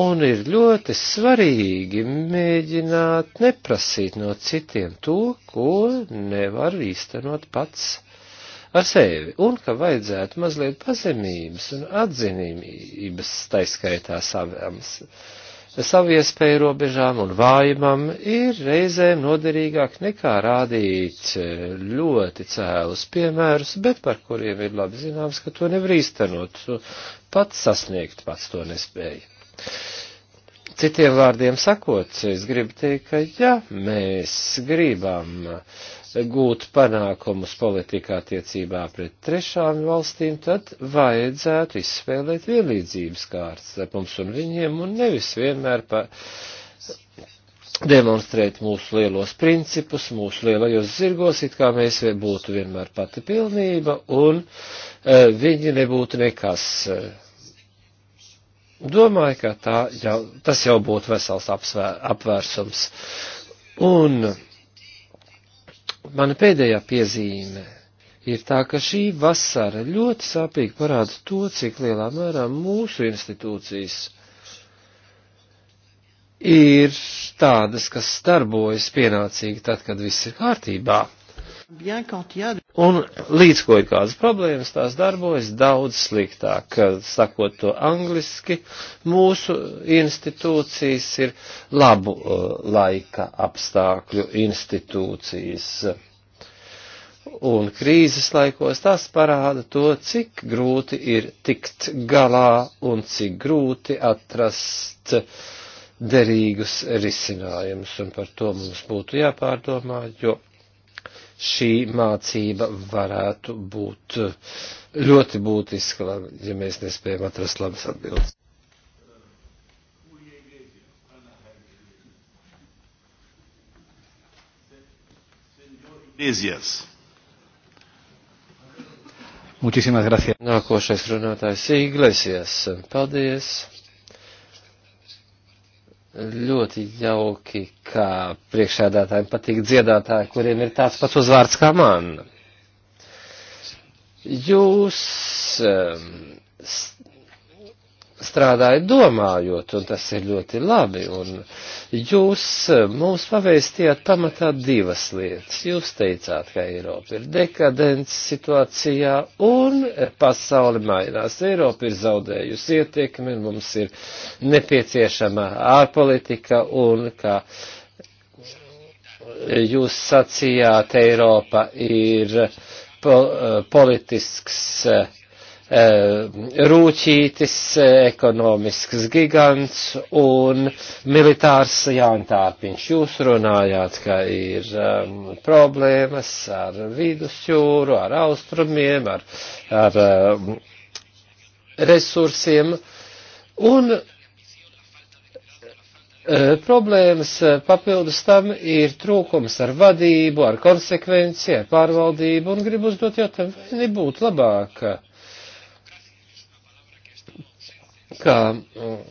Un ir ļoti svarīgi mēģināt neprasīt no citiem to, ko nevar īstenot pats ar sevi, un ka vajadzētu mazliet pazemības un atzinības taiskaitā savām savu iespēju robežām un vājumam ir reizēm noderīgāk nekā rādīt ļoti cēlus piemērus, bet par kuriem ir labi zināms, ka to nevar īstenot, pats sasniegt pats to nespēju. Citiem vārdiem sakot, es gribu teikt, ka ja mēs gribam gūt panākumus politikā attiecībā pret trešām valstīm, tad vajadzētu izspēlēt vienlīdzības kārtas ar mums un viņiem un nevis vienmēr pa demonstrēt mūsu lielos principus, mūsu lielajos zirgos, it kā mēs būtu vienmēr pati pilnība un uh, viņi nebūtu nekas. Uh, Domāju, ka tā jau, tas jau būtu vesels apsvēr, apvērsums. Un mana pēdējā piezīme ir tā, ka šī vasara ļoti sāpīgi parāda to, cik lielā mērā mūsu institūcijas ir tādas, kas starbojas pienācīgi tad, kad viss ir kārtībā. Bien, Un līdz ko ir kādas problēmas, tās darbojas daudz sliktāk. Sakot to angliski, mūsu institūcijas ir labu eh, laika apstākļu institūcijas. Un krīzes laikos tas parāda to, cik grūti ir tikt galā un cik grūti atrast derīgus risinājumus. Un par to mums būtu jāpārdomā, jo šī mācība varētu būt ļoti būtiska, ja mēs nespējam atrast labas atbildes. Iglesias. Muchísimas gracias. Nākošais runātājs Iglesias. Paldies. Ļoti jauki, ka priekšēdētājiem patīk dziedātāji, kuriem ir tāds pats uzvārds kā man. Jūs um, strādāja domājot, un tas ir ļoti labi. Un jūs eh, mums pavēstījāt pamatā divas lietas. Jūs teicāt, ka Eiropa ir dekadents situācijā un pasauli mainās. Eiropa ir zaudējusi ietekmi, mums ir nepieciešama ārpolitika un kā jūs sacījāt, Eiropa ir po, eh, politisks eh, Eh, rūķītis, eh, ekonomisks gigants un militārs jāntāpiņš. Jūs runājāt, ka ir um, problēmas ar vidusjūru, ar austrumiem, ar, ar um, resursiem un eh, problēmas papildus tam ir trūkums ar vadību, ar konsekvenci, ar pārvaldību, un gribu uzdot jautājumu, vai nebūtu labāk ka mm,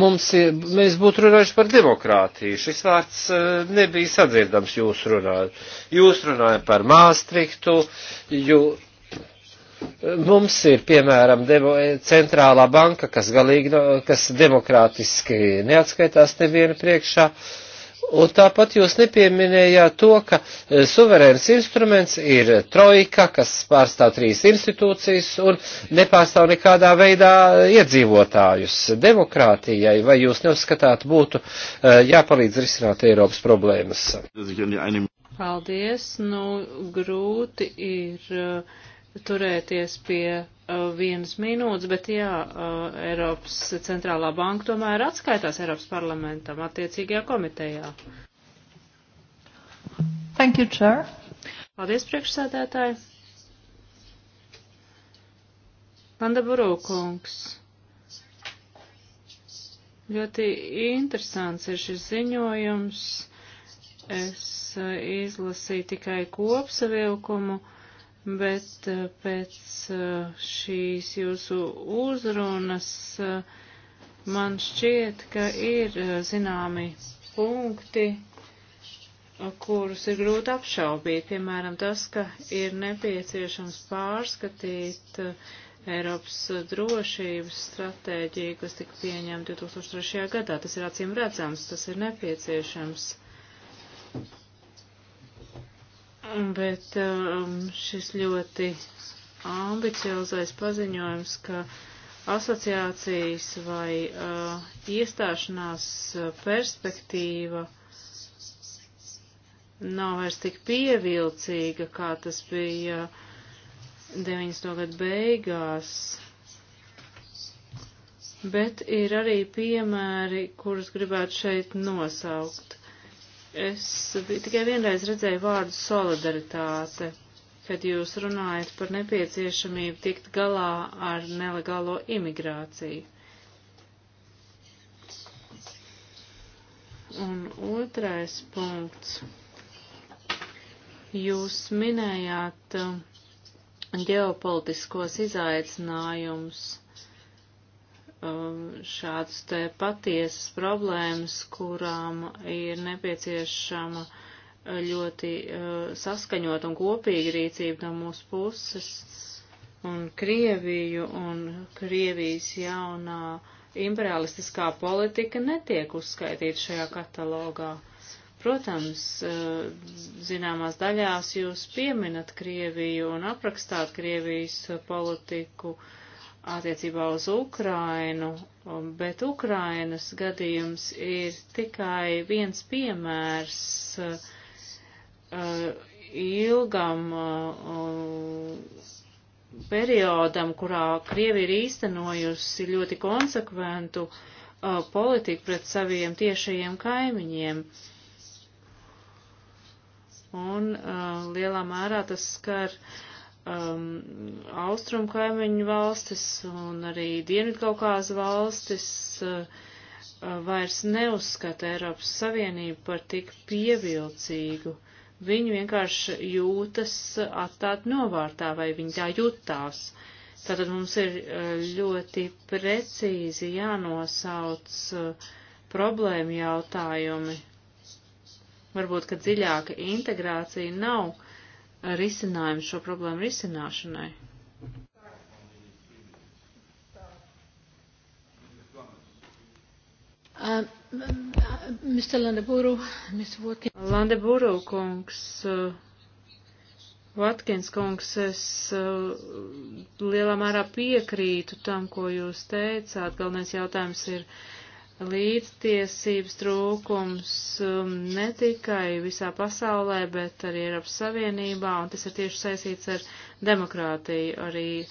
mums ir, mēs būtu runājuši par demokrātiju. Šis vārds e, nebija sadzirdams jūs runājot. Jūs runājat par Māstriktu, jū, e, mums ir, piemēram, demo, e, centrālā banka, kas galīgi, kas demokrātiski neatskaitās nevienu priekšā. Uh, Un tāpat jūs nepieminējāt to, ka e, suverēns instruments ir trojka, kas pārstāv trīs institūcijas un nepārstāv nekādā veidā iedzīvotājus demokrātijai, vai jūs neuzskatāt būtu e, jāpalīdz risināt Eiropas problēmas? Paldies, nu grūti ir e, turēties pie uh, vienas minūtes, bet jā, uh, Eiropas centrālā banka tomēr atskaitās Eiropas parlamentam attiecīgajā komitejā. Thank you, Chair. Paldies, priekšsēdētāji. Panda Burūkungs. Ļoti interesants ir šis ziņojums. Es uh, izlasīju tikai kopsavilkumu. Uh, bet eh, pēc eh, šīs jūsu uzrunas eh, man šķiet, ka ir zināmi punkti, kurus ir grūti apšaubīt, piemēram, tas, ka ir nepieciešams pārskatīt Eiropas drošības stratēģiju, kas tika pieņemta 2003. gadā. Tas ir acīm redzams, tas ir nepieciešams. Bet um, šis ļoti ambiciozais paziņojums, ka asociācijas vai uh, iestāšanās uh, perspektīva nav vairs tik pievilcīga, kā tas bija 90. gadu beigās. Bet ir arī piemēri, kurus gribētu šeit nosaukt. Es tikai vienreiz redzēju vārdu solidaritāte, kad jūs runājat par nepieciešamību tikt galā ar nelegālo imigrāciju. Un otrais punkts. Jūs minējāt uh, ģeopolitiskos izaicinājumus Um, šādas te patiesas problēmas, kurām ir nepieciešama ļoti uh, saskaņot un kopīga rīcība no mūsu puses. Un Krieviju un Krievijas jaunā imperialistiskā politika netiek uzskaitīta šajā katalogā. Protams, uh, zināmās daļās jūs pieminat Krieviju un aprakstāt Krievijas politiku uh, attiecībā uz Ukrainu, bet Ukrainas gadījums ir tikai viens piemērs uh, ilgam uh, periodam, kurā Krievi ir īstenojusi ļoti konsekventu uh, politiku pret saviem tiešajiem kaimiņiem. Un uh, lielā mērā tas skar uh, um, austrumu kaimiņu valstis un arī Dienvidkaukāza valstis uh, uh, vairs neuzskata Eiropas Savienību par tik pievilcīgu. Viņi vienkārši jūtas atstāt novārtā, vai viņi tā jutās. Tātad mums ir uh, ļoti precīzi jānosauc uh, problēma jautājumi. Varbūt, ka dziļāka integrācija nav risinājumu šo problēmu risināšanai. Uh, Mr. Landeburu, Ms. Watkins. Landeburu kungs, uh, Watkins kungs, es uh, lielā mērā piekrītu tam, ko jūs teicāt. Galvenais jautājums ir līdztiesības trūkums um, ne tikai visā pasaulē, bet arī Eiropas Savienībā, un tas ir tieši saistīts ar demokrātiju. Arī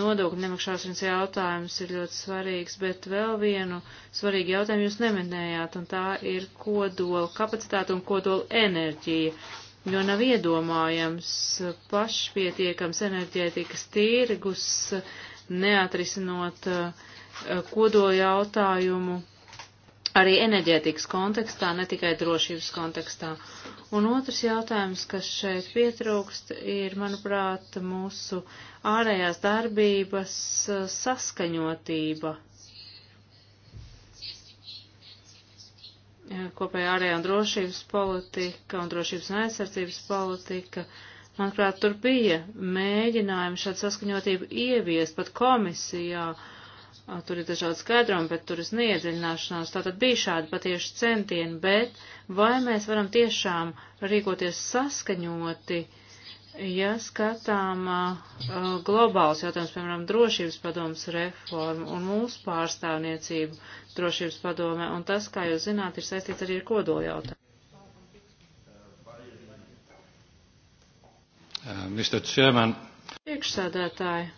nodokļu nemaksāšanas jautājums ir ļoti svarīgs, bet vēl vienu svarīgu jautājumu jūs neminējāt, un tā ir kodola kapacitāte un kodola enerģija. Jo nav iedomājams pašpietiekams enerģētikas tirgus, neatrisinot uh, kodola jautājumu arī enerģētikas kontekstā, ne tikai drošības kontekstā. Un otrs jautājums, kas šeit pietrūkst, ir, manuprāt, mūsu ārējās darbības uh, saskaņotība. Kopējā ārējā un drošības politika un drošības un aizsardzības politika. Manuprāt, tur bija mēģinājumi šādu saskaņotību ieviest pat komisijā. Uh, Tur ir dažādi skaidrojumi, bet tur es neiedziļināšanās. Tātad bija šādi patieši centieni, bet vai mēs varam tiešām rīkoties saskaņoti, ja skatām uh, globāls jautājums, piemēram, drošības padomas reformu un mūsu pārstāvniecību drošības padomē, un tas, kā jūs zināt, ir saistīts arī ar kodoljautājumu. Mr. Chairman. Priekšsēdētāji,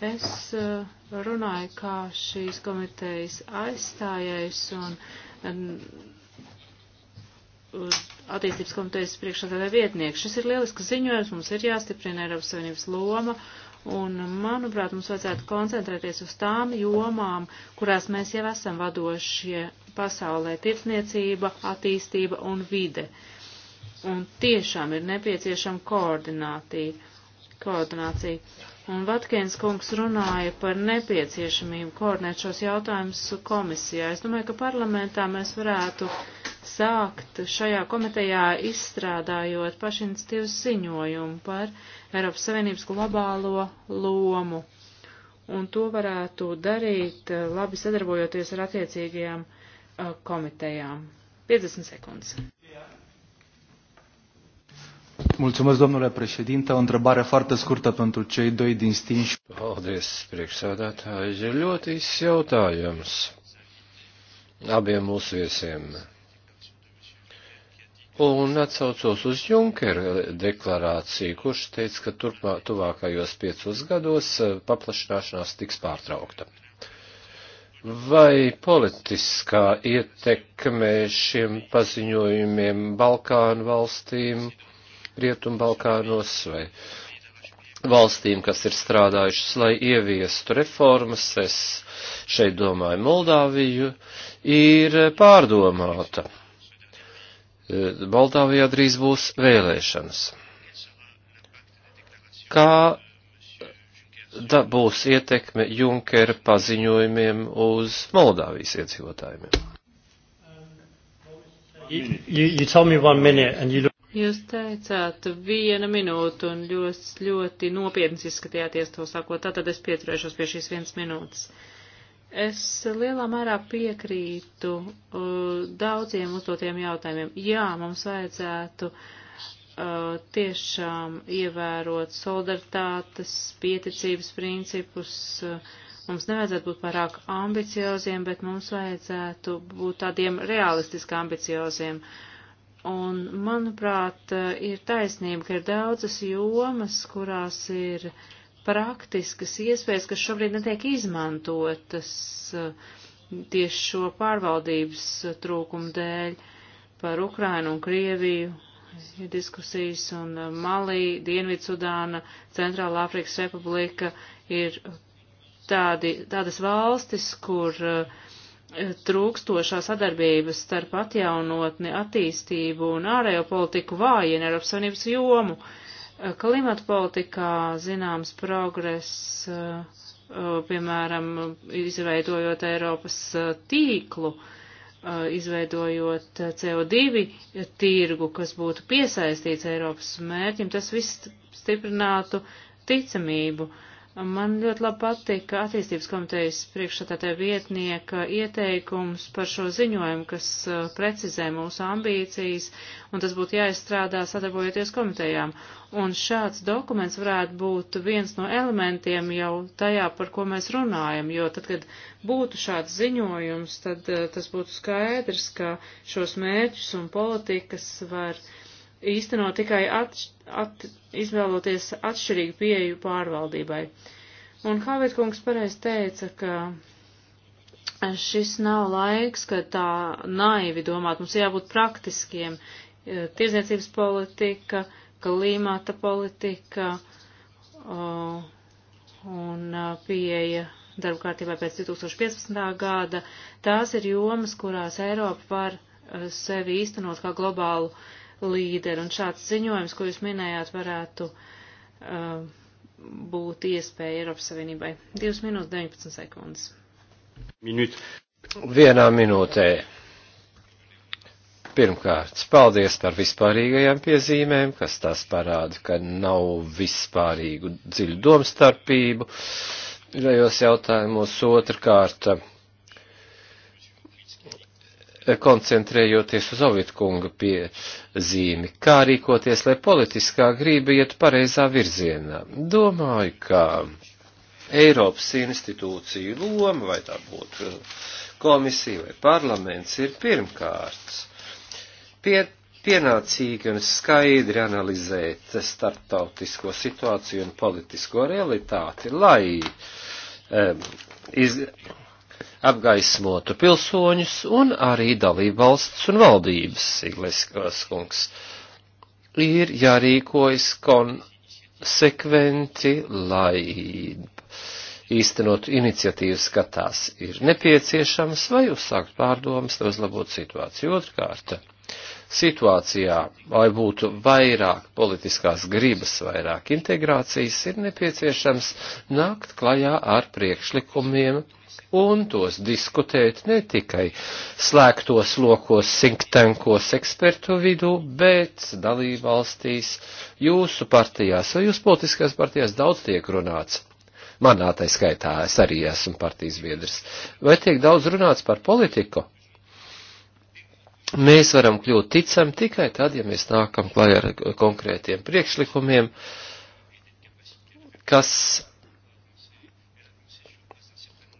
Es eh, runāju kā šīs komitejas aizstājējs un attīstības komitejas priekšsādātāja vietnieks. Šis ir lielisks ziņojums, mums ir jāstiprina Eiropas Savienības loma Un, manuprāt, mums vajadzētu koncentrēties uz tām jomām, kurās mēs jau esam vadošie pasaulē - tirdzniecība, attīstība un vide. Un tiešām ir nepieciešama koordinācija. koordinācija. Un Vatkēns kungs runāja par nepieciešamību koordinēt šos jautājumus komisijā. Es domāju, ka parlamentā mēs varētu sākt šajā komitejā izstrādājot pašinstīvas ziņojumu par Eiropas Savienības globālo lomu. Un to varētu darīt eh, labi sadarbojoties ar attiecīgajām eh, komitejām. 50 sekundes. Yeah. Mulțumesc, domnule președinte. O întrebare foarte scurtă pentru cei doi din stinși. Paldies, priekšsēdētāji. Ir ļoti īsts jautājums abiem mūsu viesiem. Un atsaucos uz Junkera deklarāciju, kurš teica, ka turpmā, tuvākajos piecos gados eh, paplašināšanās tiks pārtraukta. Vai politiskā ietekme šiem paziņojumiem Balkānu valstīm? Rietumbalkānos vai valstīm, kas ir strādājušas, lai ieviestu reformas, es šeit domāju Moldāviju, ir pārdomāta. Moldāvijā drīz būs vēlēšanas. Kā da, būs ietekme Junkera paziņojumiem uz Moldāvijas iedzīvotājiem? You, you, you Jūs teicāt viena minūte un ļoti, ļoti nopietni izskatījāties to sakot, tātad es pieturēšos pie šīs vienas minūtes. Es lielā mērā piekrītu uh, daudziem uzdotiem jautājumiem. Jā, mums vajadzētu uh, tiešām ievērot solidaritātes, pieticības principus. Uh, mums nevajadzētu būt pārāk ambicioziem, bet mums vajadzētu būt tādiem realistiski ambicioziem. Uh, Un, manuprāt, ir taisnība, ka ir daudzas jomas, kurās ir praktiskas iespējas, kas šobrīd netiek izmantotas uh, tieši šo pārvaldības uh, trūkumu dēļ par Ukrainu un Krieviju. Ir diskusijas un uh, Malī, Dienvidsudāna, Centrāla Afrikas Republika ir tādi, tādas valstis, kur uh, trūkstošā sadarbības starp atjaunotni, attīstību un ārējo politiku vājina Eiropas Savienības jomu. Eh, Klimata politikā zināms progress, eh, eh, piemēram, izveidojot Eiropas tīklu, izveidojot CO2 tirgu, kas būtu piesaistīts Eiropas mērķim, tas viss stiprinātu ticamību. Uh, Man ļoti labi patika attīstības komitejas priekšsatātē vietnieka ieteikums par šo ziņojumu, kas uh, precizē mūsu ambīcijas, un tas būtu jāizstrādā sadarbojoties komitejām. Un šāds dokuments varētu būt viens no elementiem jau tajā, par ko mēs runājam, jo tad, kad būtu šāds ziņojums, tad uh, tas būtu skaidrs, ka šos mērķus un politikas var īsteno tikai at, at, izvēloties atšķirīgu pieeju pārvaldībai. Un Havit kungs pareiz teica, ka šis nav laiks, ka tā naivi domāt, mums jābūt praktiskiem. E, tirzniecības politika, klimata politika un e, pieeja darba kārtībā pēc 2015. gada, tās ir jomas, kurās Eiropa var e, sevi īstenot kā globālu uh, līderi, un šāds ziņojums, ko jūs minējāt, varētu uh, būt iespēja Eiropas Savienībai. 2 minūtes 19 sekundes. Minūte. Vienā minūtē. Pirmkārt, paldies par vispārīgajām piezīmēm, kas tās parāda, ka nav vispārīgu dziļu domstarpību šajos jautājumos. Otrkārt, uh, koncentrējoties uz Ovitkunga piezīmi, kā rīkoties, lai politiskā grība iet pareizā virzienā. Domāju, ka Eiropas institūciju loma, vai tā būtu komisija vai parlaments, ir pirmkārt pie, pienācīgi un skaidri analizēt starptautisko situāciju un politisko realitāti, lai um, iz, apgaismotu pilsoņus un arī dalību valsts un valdības, Igleskas kungs. Ir jārīkojas konsekventi, lai īstenot iniciatīvas, ka tās ir nepieciešamas, vai uzsākt pārdomas, lai uzlabotu situāciju. Otrkārt, situācijā, lai būtu vairāk politiskās gribas, vairāk integrācijas, ir nepieciešams nākt klajā ar priekšlikumiem un tos diskutēt ne tikai slēgtos lokos, sinktenkos ekspertu vidū, bet dalībvalstīs, jūsu partijās vai jūsu politiskajās partijās daudz tiek runāts. Manā tai skaitā es arī esmu partijas biedrs. Vai tiek daudz runāts par politiku? mēs varam kļūt ticami tikai tad, ja mēs nākam klajā ar konkrētiem priekšlikumiem, kas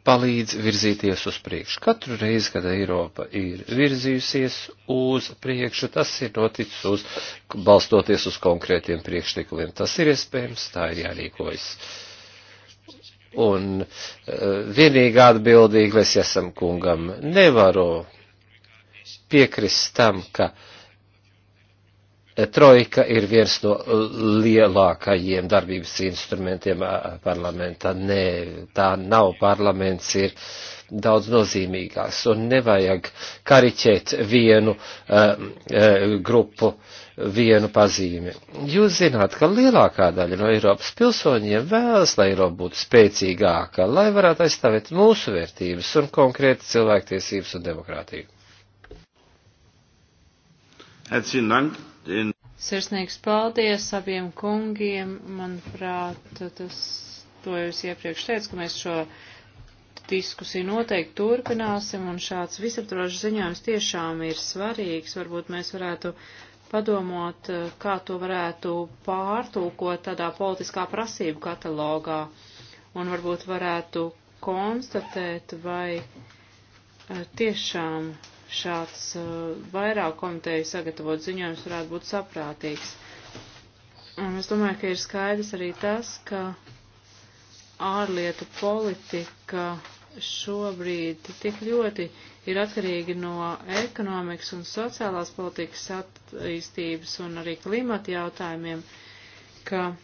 palīdz virzīties uz priekšu. Katru reizi, kad Eiropa ir virzījusies uz priekšu, tas ir noticis uz, balstoties uz konkrētiem priekšlikumiem. Tas ir iespējams, tā ir jārīkojas. Un uh, eh, vienīgi atbildīgi, lai esam kungam, nevaru piekrist tam, ka trojka ir viens no lielākajiem darbības instrumentiem parlamentā. Nē, tā nav parlaments, ir daudz nozīmīgāks un nevajag kariķēt vienu uh, uh, grupu, vienu pazīmi. Jūs zināt, ka lielākā daļa no Eiropas pilsoņiem vēlas, lai Eiropa būtu spēcīgāka, lai varētu aizstāvēt mūsu vērtības un konkrēti cilvēktiesības un demokrātiju. Herzlichen Dank. Den Sirsnīgs paldies abiem kungiem. Manuprāt, tas, to jūs iepriekš teicu, ka mēs šo diskusiju noteikti turpināsim, un šāds visaptvarošs ziņojums tiešām ir svarīgs. Varbūt mēs varētu padomāt, kā to varētu pārtūkot tādā politiskā prasību katalogā, un varbūt varētu konstatēt, vai eh, tiešām šāds eh, vairāk komiteju sagatavot ziņojums varētu būt saprātīgs. Un es domāju, ka ir skaidrs arī tas, ka ārlietu politika šobrīd tik ļoti ir atkarīga no ekonomikas un sociālās politikas attīstības un arī klimata jautājumiem, ka eh,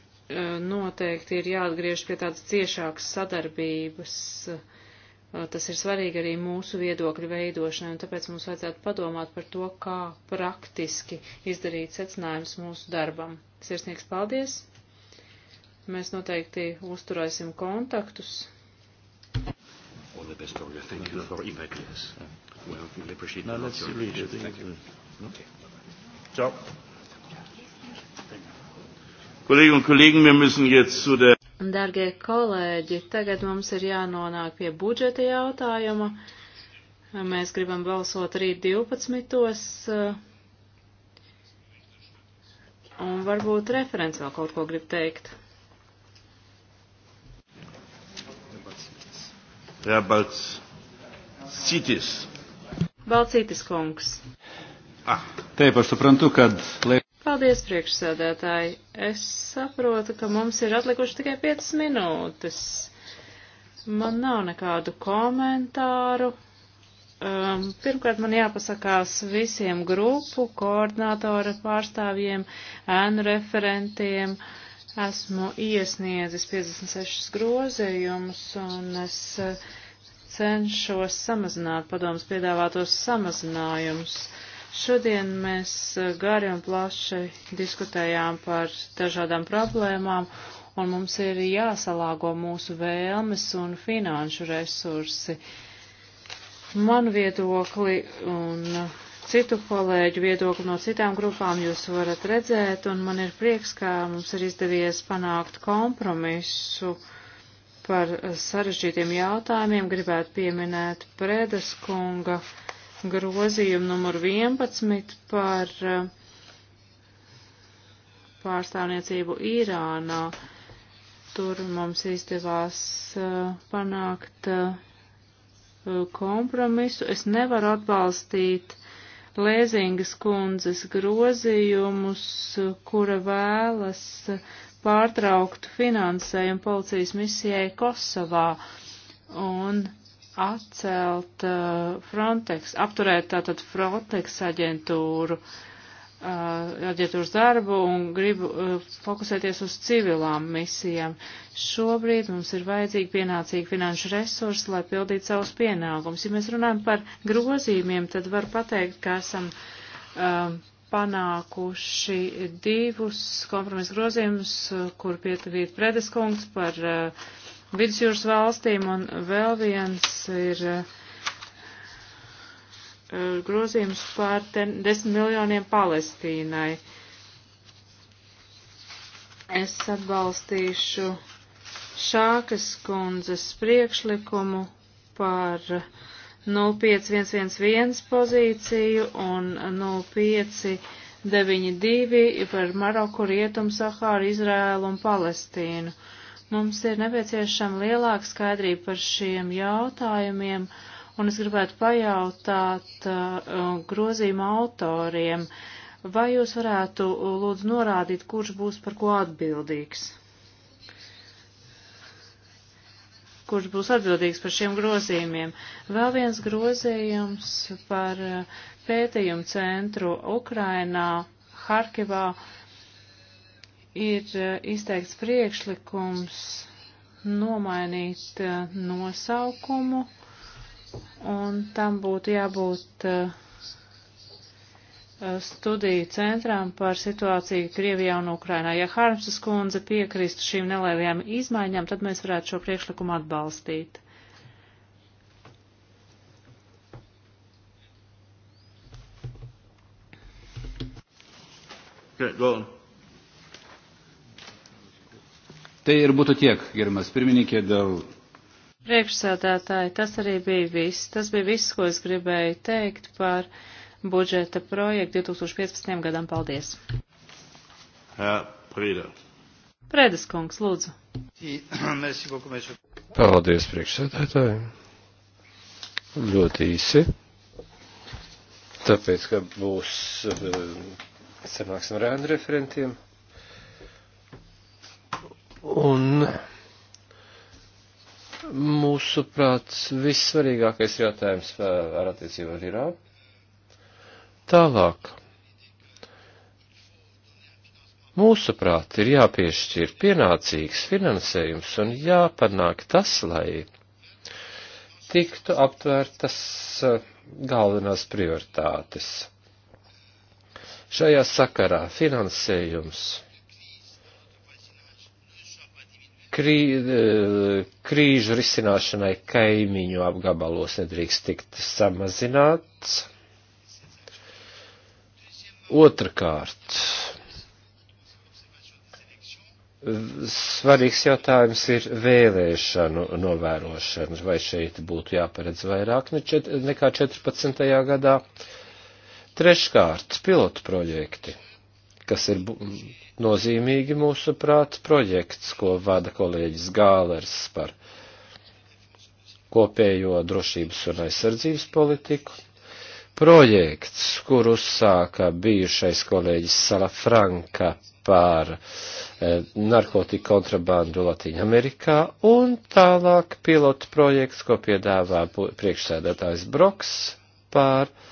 noteikti ir jāatgriež pie tādas ciešākas sadarbības uh, Uh, tas ir svarīgi arī mūsu viedokļu veidošanai, un tāpēc mums vajadzētu padomāt par to, kā praktiski izdarīt secinājumus mūsu darbam. Sirsnīgs paldies! Mēs noteikti uzturēsim kontaktus. All the best, Olga. Thank you for inviting us. Well, we appreciate no, let's read it. Thank you. Okay. Ciao. Kolleginnen und Kollegen, wir müssen jetzt zu der Dargie kolēģi, tagad mums ir jānonāk pie budžeta jautājuma. Mēs gribam balsot rīt 12. Eh, un varbūt referents vēl kaut ko grib teikt. Jā, Balts Citis. Balts Citis kungs. Ah, taip, aš suprantu, kad lai Paldies, priekšsēdētāji. Es saprotu, ka mums ir atlikuši tikai 5 minūtes. Man nav nekādu komentāru. Um, pirmkārt, man jāpasakās visiem grupu, koordinātora pārstāvjiem, ēnu referentiem. Esmu iesniedzis 56 grozējumus un es uh, cenšos samazināt padomus piedāvātos samazinājumus. Uh, Šodien mēs e, gari un plaši diskutējām par dažādām problēmām, un mums ir jāsalāgo mūsu vēlmes un finanšu resursi. Manu viedokli un citu kolēģu viedokli no citām grupām jūs varat redzēt, un man ir prieks, ka mums ir izdevies panākt kompromisu par sarežģītiem jautājumiem. Gribētu pieminēt Predes kunga grozījumu numur 11 par eh, pārstāvniecību Irānā. Tur mums izdevās eh, panākt eh, kompromisu. Es nevaru atbalstīt Lēzingas kundzes grozījumus, kura vēlas pārtraukt finansējumu policijas misijai Kosovā. Un atcelt uh, Frontex, apturēt tātad Frontex aģentūru, uh, aģentūras darbu un gribu uh, fokusēties uz civilām misijām. Šobrīd mums ir vajadzīgi pienācīgi finanšu resursi, lai pildītu savus pienākumus. Ja mēs runājam par grozījumiem, tad var pateikt, ka esam. Uh, panākuši divus kompromisu grozījumus, uh, kur pietuvīt predeskungs par uh, vidusjūras valstīm, un vēl viens ir eh, eh, grozījums par 10 miljoniem Palestīnai. Es atbalstīšu Šākas kundzes priekšlikumu par 05111 pozīciju un 05. 9-2 par Maroku, Rietumu, Sahāru, Izrēlu un Palestīnu. Mums ir nepieciešama lielāka skaidrība par šiem jautājumiem, un es gribētu pajautāt uh, grozījuma autoriem, vai jūs varētu uh, lūdzu norādīt, kurš būs par ko atbildīgs? Kurš būs atbildīgs par šiem grozījumiem? Vēl viens grozījums par uh, pētījumu centru Ukrainā, Harkivā. Uh, ir e, izteikts priekšlikums nomainīt e, nosaukumu, un tam būtu jābūt e, studiju centrām par situāciju Krievijā un Ukrainā. Ja Harmsas kundze piekristu šīm nelielajām izmaiņām, tad mēs varētu šo priekšlikumu atbalstīt. Good, go on. Tai ir būtų tiek, gerimas pirmininkė, dėl. Priekšsēdētāji, tas arī bija viss. Tas bija viss, ko es gribēju teikt par budžeta projektu 2015. gadam. Paldies! Herr Prīda. Prēdes kungs, lūdzu. Paldies, priekšsēdētāji. Ļoti īsi. Tāpēc, ka būs eh, sanāksim rēnu referentiem. Un mūsuprāt, vissvarīgākais jautājums ar attiecību ar Irānu. Tālāk. Mūsuprāt, ir jāpiešķir pienācīgs finansējums un jāpanāk tas, lai tiktu aptvērtas eh, galvenās prioritātes. Šajā sakarā finansējums krī, eh, krīžu risināšanai kaimiņu apgabalos nedrīkst tikt samazināts. Otrakārt, svarīgs jautājums ir vēlēšanu novērošana, vai šeit būtu jāparedz vairāk nekā 14. gadā. Treškārt, pilotu projekti, kas ir nozīmīgi mūsu prāt projekts, ko vada kolēģis Gālers par kopējo drošības un aizsardzības politiku. Projekts, kur uzsāka bijušais kolēģis Salafranka par e, narkotiku kontrabandu Latīņa Amerikā un tālāk pilotu projekts, ko piedāvā priekšsēdētājs Broks par e,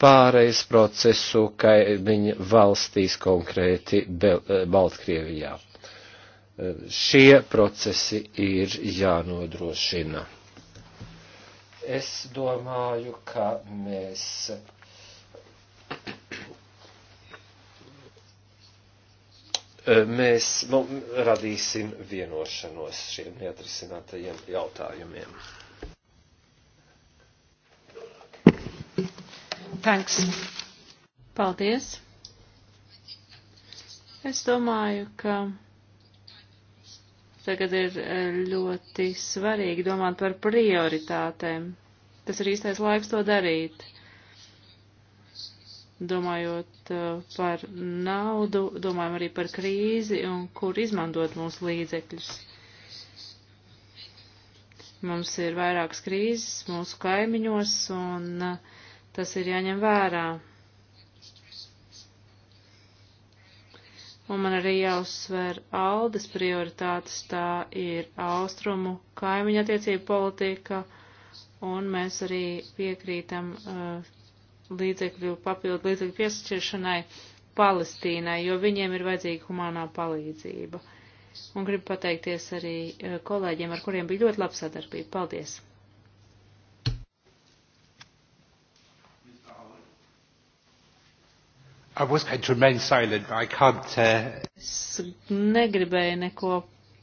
pārejas procesu kaimiņu valstīs, konkrēti Bel eh, Baltkrievijā. Eh, šie procesi ir jānodrošina. Es domāju, ka mēs eh, mēs nu, radīsim vienošanos šiem neatrisinātajiem jautājumiem. Thanks. Paldies. Es domāju, ka tagad ir eh, ļoti svarīgi domāt par prioritātēm. Tas ir īstais laiks to darīt. Domājot eh, par naudu, domājam arī par krīzi un kur izmantot mūsu līdzekļus. Mums ir vairākas krīzes mūsu kaimiņos un uh, Tas ir jāņem vērā. Un man arī jāuzsver Aldes prioritātes, tā ir austrumu kaimiņa attiecība politika, un mēs arī piekrītam uh, līdzekļu, papildu līdzekļu piešķiršanai Palestīnai, jo viņiem ir vajadzīga humānā palīdzība. Un gribu pateikties arī uh, kolēģiem, ar kuriem bija ļoti laba sadarbība. Paldies! I was going to remain silent, but I can't. Uh... Es negribēju neko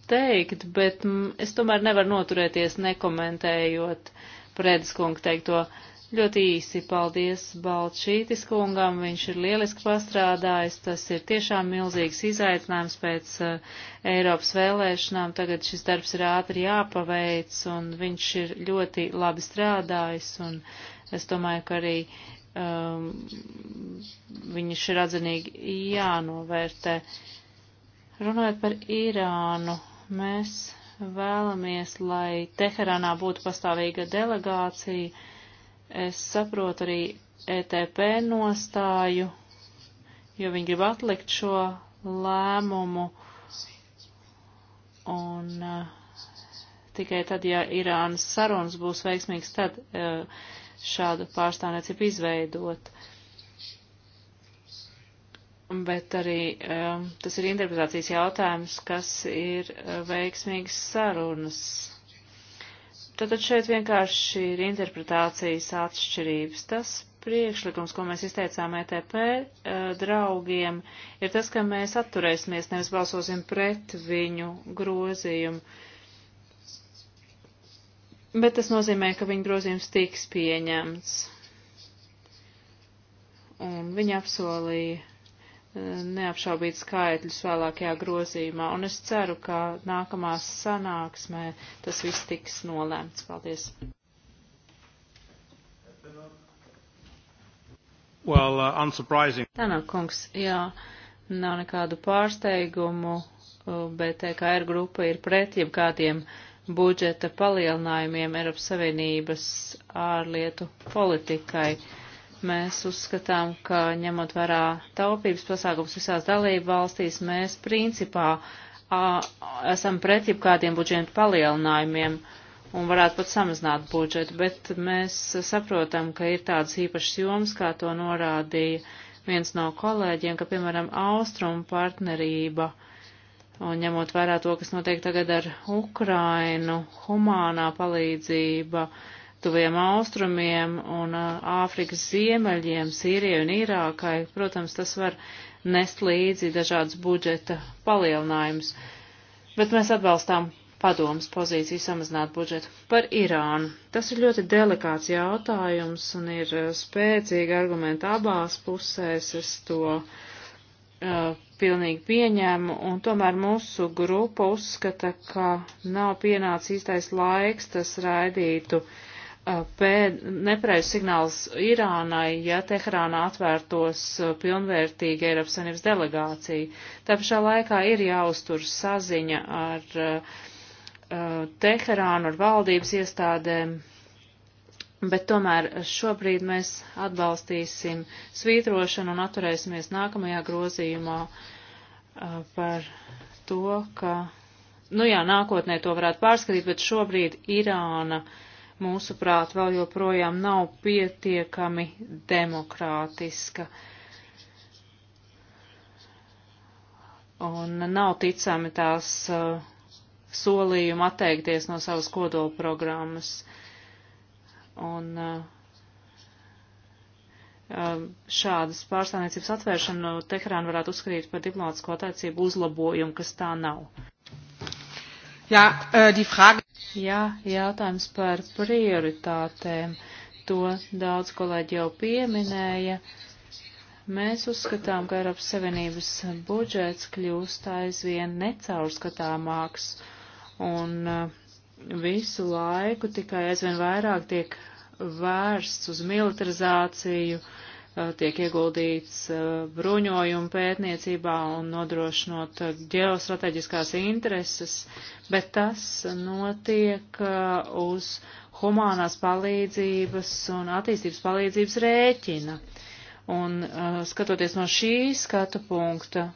teikt, bet mm, es tomēr nevaru noturēties nekomentējot Prēdiskunga teikto. Ļoti īsi paldies Balčītis kungam, viņš ir lieliski pastrādājis, tas ir tiešām milzīgs izaicinājums pēc uh, Eiropas vēlēšanām, tagad šis darbs ir ātri jāpaveic un viņš ir ļoti labi strādājis un es domāju, ka arī um, viņš ir atzinīgi jānovērtē. Runājot par Irānu, mēs vēlamies, lai Teherānā būtu pastāvīga delegācija. Es saprotu arī ETP nostāju, jo viņi grib atlikt šo lēmumu. Un uh, tikai tad, ja Irānas sarunas būs veiksmīgas, tad uh, šādu pārstāvniecību izveidot. Bet arī um, tas ir interpretācijas jautājums, kas ir uh, veiksmīgas sarunas. Tātad šeit vienkārši ir interpretācijas atšķirības. Tas priekšlikums, ko mēs izteicām ETP uh, draugiem, ir tas, ka mēs atturēsimies, nevis balsosim pret viņu grozījumu, bet tas nozīmē, ka viņa grozījums tiks pieņemts. Un viņa apsolīja e, neapšaubīt skaitļus vēlākajā grozījumā, un es ceru, ka nākamās sanāksmē tas viss tiks nolēmts. Paldies! Well, uh, unsurprising. Tā nav kungs, jā, nav nekādu pārsteigumu, uh, bet TKR e grupa ir pret jebkādiem. Ja budžeta palielinājumiem Eiropas Savienības ārlietu politikai. Mēs uzskatām, ka ņemot vērā taupības pasākums visās dalību valstīs, mēs principā a, esam pret jau kādiem budžeta palielinājumiem un varētu pat samazināt budžetu, bet mēs saprotam, ka ir tādas īpašas jomas, kā to norādīja viens no kolēģiem, ka, piemēram, austrumu partnerība uh, Un ņemot vērā to, kas notiek tagad ar Ukrainu, humānā palīdzība tuviem austrumiem un uh, Āfrikas ziemeļiem, Sīrijai un Irākai, protams, tas var nest līdzi dažādas budžeta palielinājumus. Bet mēs atbalstām padomas pozīciju samazināt budžetu. Par Irānu. Tas ir ļoti delikāts jautājums un ir uh, spēcīgi argumenti abās pusēs. Es to uh, Uh, pilnīgi pieņēmu, un tomēr mūsu grupa uzskata, ka nav pienācis īstais laiks, tas raidītu uh, pēd, nepareiz signāls Irānai, ja Teherāna atvērtos uh, pilnvērtīga Eiropas Savienības delegācija. Tā pašā laikā ir jāuztur saziņa ar Teherānu, ar valdības iestādēm bet tomēr šobrīd mēs atbalstīsim svītrošanu un atturēsimies nākamajā grozījumā uh, par to, ka, nu jā, nākotnē to varētu pārskatīt, bet šobrīd Irāna, mūsuprāt, vēl joprojām nav pietiekami demokrātiska. Un nav ticami tās uh, solījumi atteikties no savas kodola programmas. Un eh, eh, šādas pārstāvniecības atvēršanu Teherāna varētu uzskatīt par diplomātisko attiecību uzlabojumu, kas tā nav. Jā, eh, frage... Jā, jautājums par prioritātēm. To daudz kolēģi jau pieminēja. Mēs uzskatām, ka Eiropas Savienības budžets kļūst aizvien necaurskatāmāks un uh, visu laiku tikai aizvien vairāk tiek vērsts uz militarizāciju, tiek ieguldīts bruņojumu pētniecībā un nodrošinot ģeostrateģiskās intereses, bet tas notiek uz humānās palīdzības un attīstības palīdzības rēķina. Un skatoties no šī skatu punkta,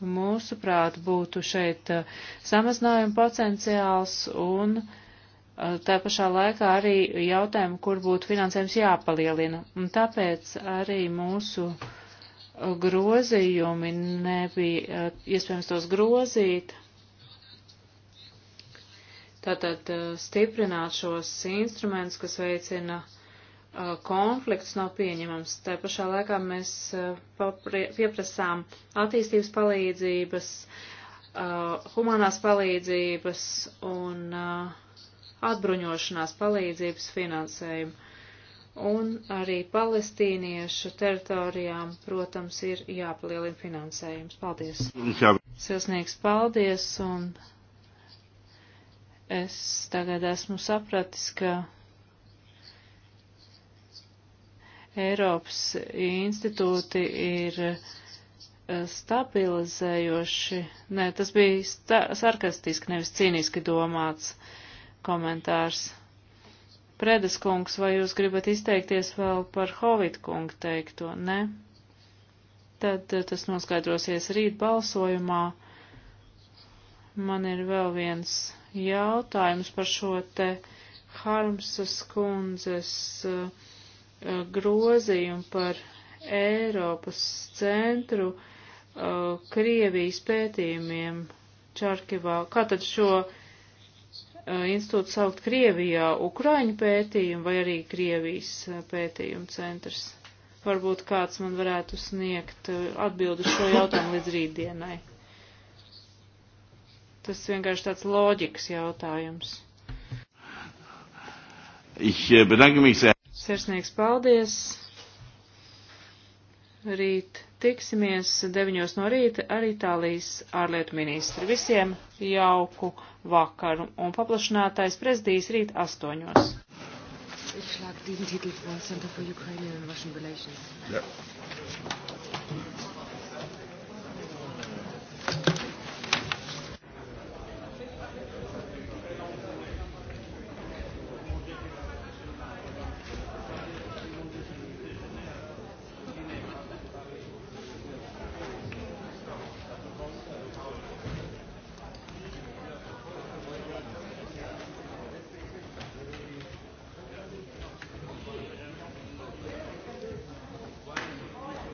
mūsuprāt, būtu šeit uh, samazinājuma potenciāls un uh, tā pašā laikā arī jautājumu, kur būtu finansējums jāpalielina. Un tāpēc arī mūsu uh, grozījumi nebija iespējams tos grozīt. Tātad stiprināt šos instrumentus, kas veicina Uh, konflikts nav pieņemams. Tā pašā laikā mēs uh, pieprasām attīstības palīdzības, uh, humanās palīdzības un atbruņošanās palīdzības finansējumu. Un arī palestīniešu teritorijām, protams, ir jāpalielina finansējums. Paldies! Sirsnīgs paldies! Un es tagad esmu sapratis, ka Eiropas institūti ir eh, stabilizējoši. Nē, tas bija sta sarkastiski, nevis cīniski domāts komentārs. Predes kungs, vai jūs gribat izteikties vēl par Hovid kungu teikto? Nē. Tad eh, tas noskaidrosies rīt balsojumā. Man ir vēl viens jautājums par šo te Harmsas kundzes uh, Eh, grozījumu par Eiropas centru uh, Krievijas pētījumiem Čarkivā. Kā tad šo uh, institūtu saukt Krievijā? Ukraiņu pētījumu vai arī Krievijas pētījumu centrs? Varbūt kāds man varētu sniegt atbildu šo jautājumu līdz rītdienai. Tas vienkārši tāds loģikas jautājums. Ich bedanke mich sehr Sirsnīgs paldies! Rīt tiksimies 9 no rīta ar Itālijas ārlietu ministru. Visiem jauku vakaru un paplašinātājs prezidijas rīt 8. Ich schlage diesen Titel vor, Center for Ukrainian and Russian Relations. Ja.